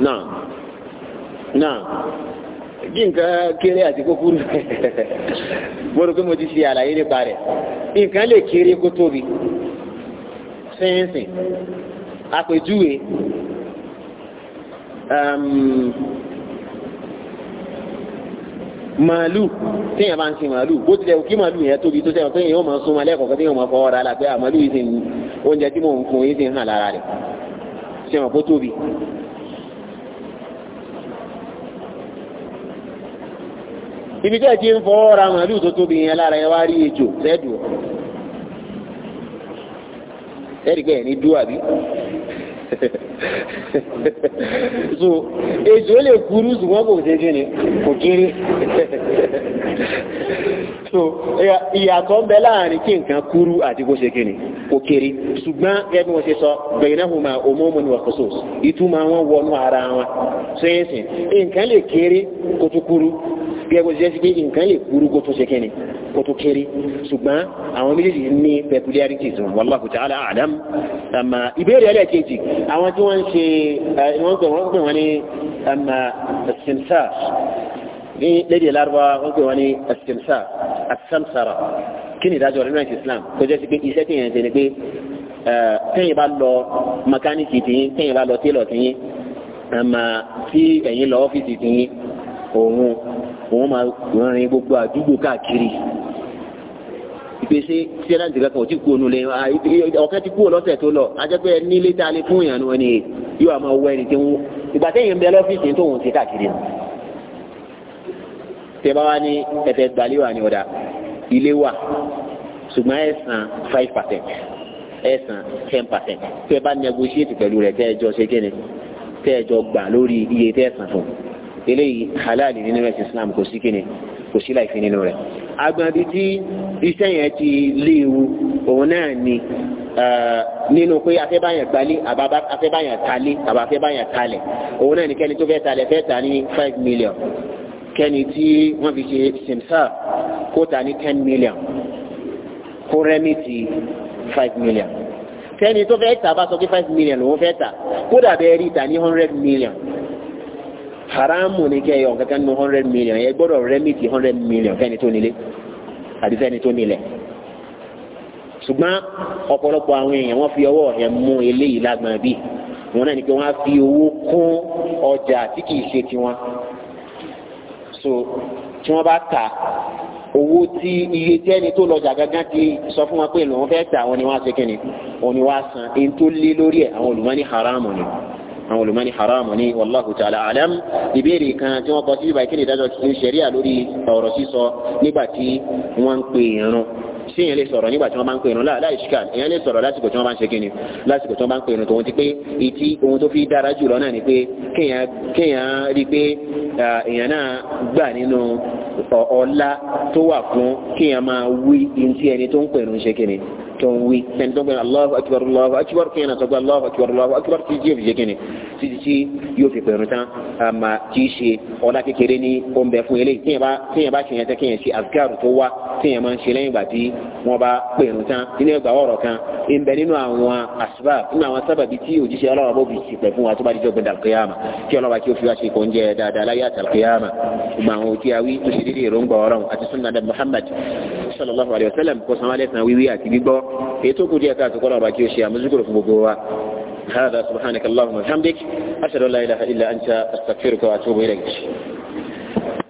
náà náà jí nǹkan kéré àti kúkúrú mo rò pé mo ti ṣe àlàyé nípa rẹ̀ nǹkan lè kéré kó tóbi sẹ́yìnsìn àpèjúwe ehm, màálù téèyàn bá ń ṣe màálù bó tilẹ̀ kí màálù yẹn tóbi tó sẹ́yìn pé èèyàn máa súnmọ́ lẹ́kọ̀ọ́ kan téèyàn máa fọwọ́ ra la pé ah, màálù yìí ti ń oúnjẹ tí mò ń fún yín ti ń hàn lára rẹ̀ ṣe mọ̀ kó tóbi. ibi tẹ́ ẹ ti ń fọwọ́ ra màálù tó tóbi yẹn lára yẹn wá rí ejò sẹ́dù ẹ̀rí pé ẹ̀ní dúwà bí. so ejò lè kúrú ṣùgbọ́n kò ṣe kí ni kò kéré. so ìyàtọ̀ ń bẹ láàrin kí nǹkan kúrú àti kó ṣe kíni kò kéré ṣùgbọ́n ẹni wọ́n ṣe sọ bainahuma umumun wa khusus ìtumọ̀ wọn wọnú ara wọn ṣéyìnsìn nǹkan lè kéré kó tó kúrú bí ẹgbẹ́ ṣe ṣe nǹkan lè kúrú kó tó ṣe kíni kó tó kéré ṣùgbọ́n àwọn méjèèjì ní peculiarities wọn wallahu ta'ala a'lam àmà ìbéèrè ẹlẹ́ẹ̀kejì àwọn tí wọ́n ń ṣe wọ́n ń pè wọ́n ní simsar Ni lédè larwa wọn pè wọn ní asimsa asamsara kí ni ìdájọ́ rẹ̀ nínú ẹ̀sìn islam tó jẹ́ sí pé iṣẹ́ tẹ̀yìn ẹ̀sìn ni pé eh, tẹ̀yìn bá lọ mẹkáníìkì tìyín tẹ̀yìn bá lọ tẹ́lọ̀ tìyín àmà tí ẹ̀yìn lọ ọ́fíìsì tìyín òun òun máa rìn gbogbo àdúgbò káàkiri ìpèsè tí ẹ láti kankan ò tí kú ònú lẹ ọkẹ ti kú ò tó lọ ajẹpẹ nílé tá a lè fún ìyànnú ẹni yóò máa wọ ẹni tí ń ìgbà tẹ̀yìn ń bẹ lọ́fíìsì tó ti káàkiri nù tẹ́bá wá ní ẹ̀fẹ̀ gbalẹ̀ wà ní ọ̀dà ilé wà ṣùgbọ́n ẹ̀ san five percent ẹ̀ san ten percent tẹ́ bá negotiate pẹ̀lú rẹ̀ tẹ́ ẹ jọ ṣe kíni tẹ́ ẹ jọ gbà lórí iye tẹ́ ẹ san fún eléyìí halal nínú ẹ̀sìn Islam kò sí kíni kò sí láìfi nínú rẹ̀ agbọ̀nbi tí iṣẹ́ yẹn ti léwu òun náà ni eh, nínú pé afẹ́báyàn gbalé afẹ́báyàn talé àbáfẹ́báyàn talẹ̀ òun náà ni kẹ́ni tó fẹ́ talẹ̀ fẹ́ ta ní five million kẹ́ni tí wọ́n fi ṣe simsa kó ní ten million kó five million kẹ́ni tó fẹ́ ta bá sọ pé five million lòun fẹ́ ta kódà bẹ́ẹ̀ rí ta ní hundred million haramu ni kẹ́ yọ kankan nu hundred million ẹ gbọ́dọ̀ rẹ́mìtì hundred million fẹ́ni tó nílé àbí fẹ́ni tó nílẹ̀ ṣùgbọ́n ọ̀pọ̀lọpọ̀ àwọn èèyàn wọ́n fi ọwọ́ ẹ̀ mú eléyìí lágbọ̀n bí wọn náà ní pé wọ́n á fi owó kún ọjà tí kìí ṣe tiwọn so tí wọ́n bá ta owó tí iye tí ẹni tó lọ́jà gángan ti sọ fún wọn pé lòun fẹ́ ta àwọn ni wọ́n á ṣe kí ni òun ni wọ́n á san èyí tó lé lórí ẹ̀ àwọn olùmọ́ni haramu ni àwọn olùmọ́ni haramu ni wallahu ta'ala alam ìbéèrè kan tí wọ́n kọ sí ibà kí ni ìdájọ́ ṣẹ̀ríà lórí ọ̀rọ̀ sísọ nígbà tí wọ́n ń pè é rún ṣé èèyàn lè sọ̀rọ̀ nígbà tí wọ́n bá ń pinnu láì ṣíkà èèyàn lè sọ̀rọ̀ lásìkò tí wọ́n bá ń ṣe kíni lásìkò tí wọ́n bá ń pinnu tòun ti pé ìtí ohun tó fi dára jùlọ náà ni pé kéèyàn rí i pé èèyàn náà gbà nínú ọlá tó wà fún kéèyàn máa wí ní ti ẹni tó ń pinnu ṣe kíni tó ń wí ẹni tó ń gbẹ́ni Allahu Akbar Allahu Akbar kí ẹni tó gbẹ́ Allahu Akbar Allahu Akbar tí jíjẹ́ fìjẹ́ kìíní títí tí yóò fi pẹ̀rù tán àmà tí í ṣe ọ̀la kékeré ní oúnbẹ fún eléyìí tíyẹn bá ṣèyàn tán kíyẹn ṣe azkar tó wá tíyẹn máa ń ṣe lẹ́yìn ìgbà tí wọ́n bá pẹ̀rù tán nínú ẹgbà ọ̀rọ̀ kan ń bẹ nínú àwọn asbab nínú àwọn sábàbí tí òjíṣẹ́ ọlọ́wọ́ bó fi ṣìpẹ̀ fún wa tó bá dijọ́ gbẹ̀dà kéyàmà kí ọlọ́wà kí ó fi wá ṣe kò ń jẹ dáadáa láyé àtàlkéyàmà gbogbo àwọn òtí awí tó ṣe déédéé èròǹgbà ọ̀rọ̀ àti sunnah Muhammad sallallahu alayhi wa sallam kó sanwó-alẹ́sàn wíwí àti gbígbọ́ ètò kù díẹ̀ káàtó kọ́nà ọba kí o ṣe àmójúkúrò fún gbogbo wa hada subhanaka allahumma wa bihamdik ashhadu an la ilaha illa anta astaghfiruka wa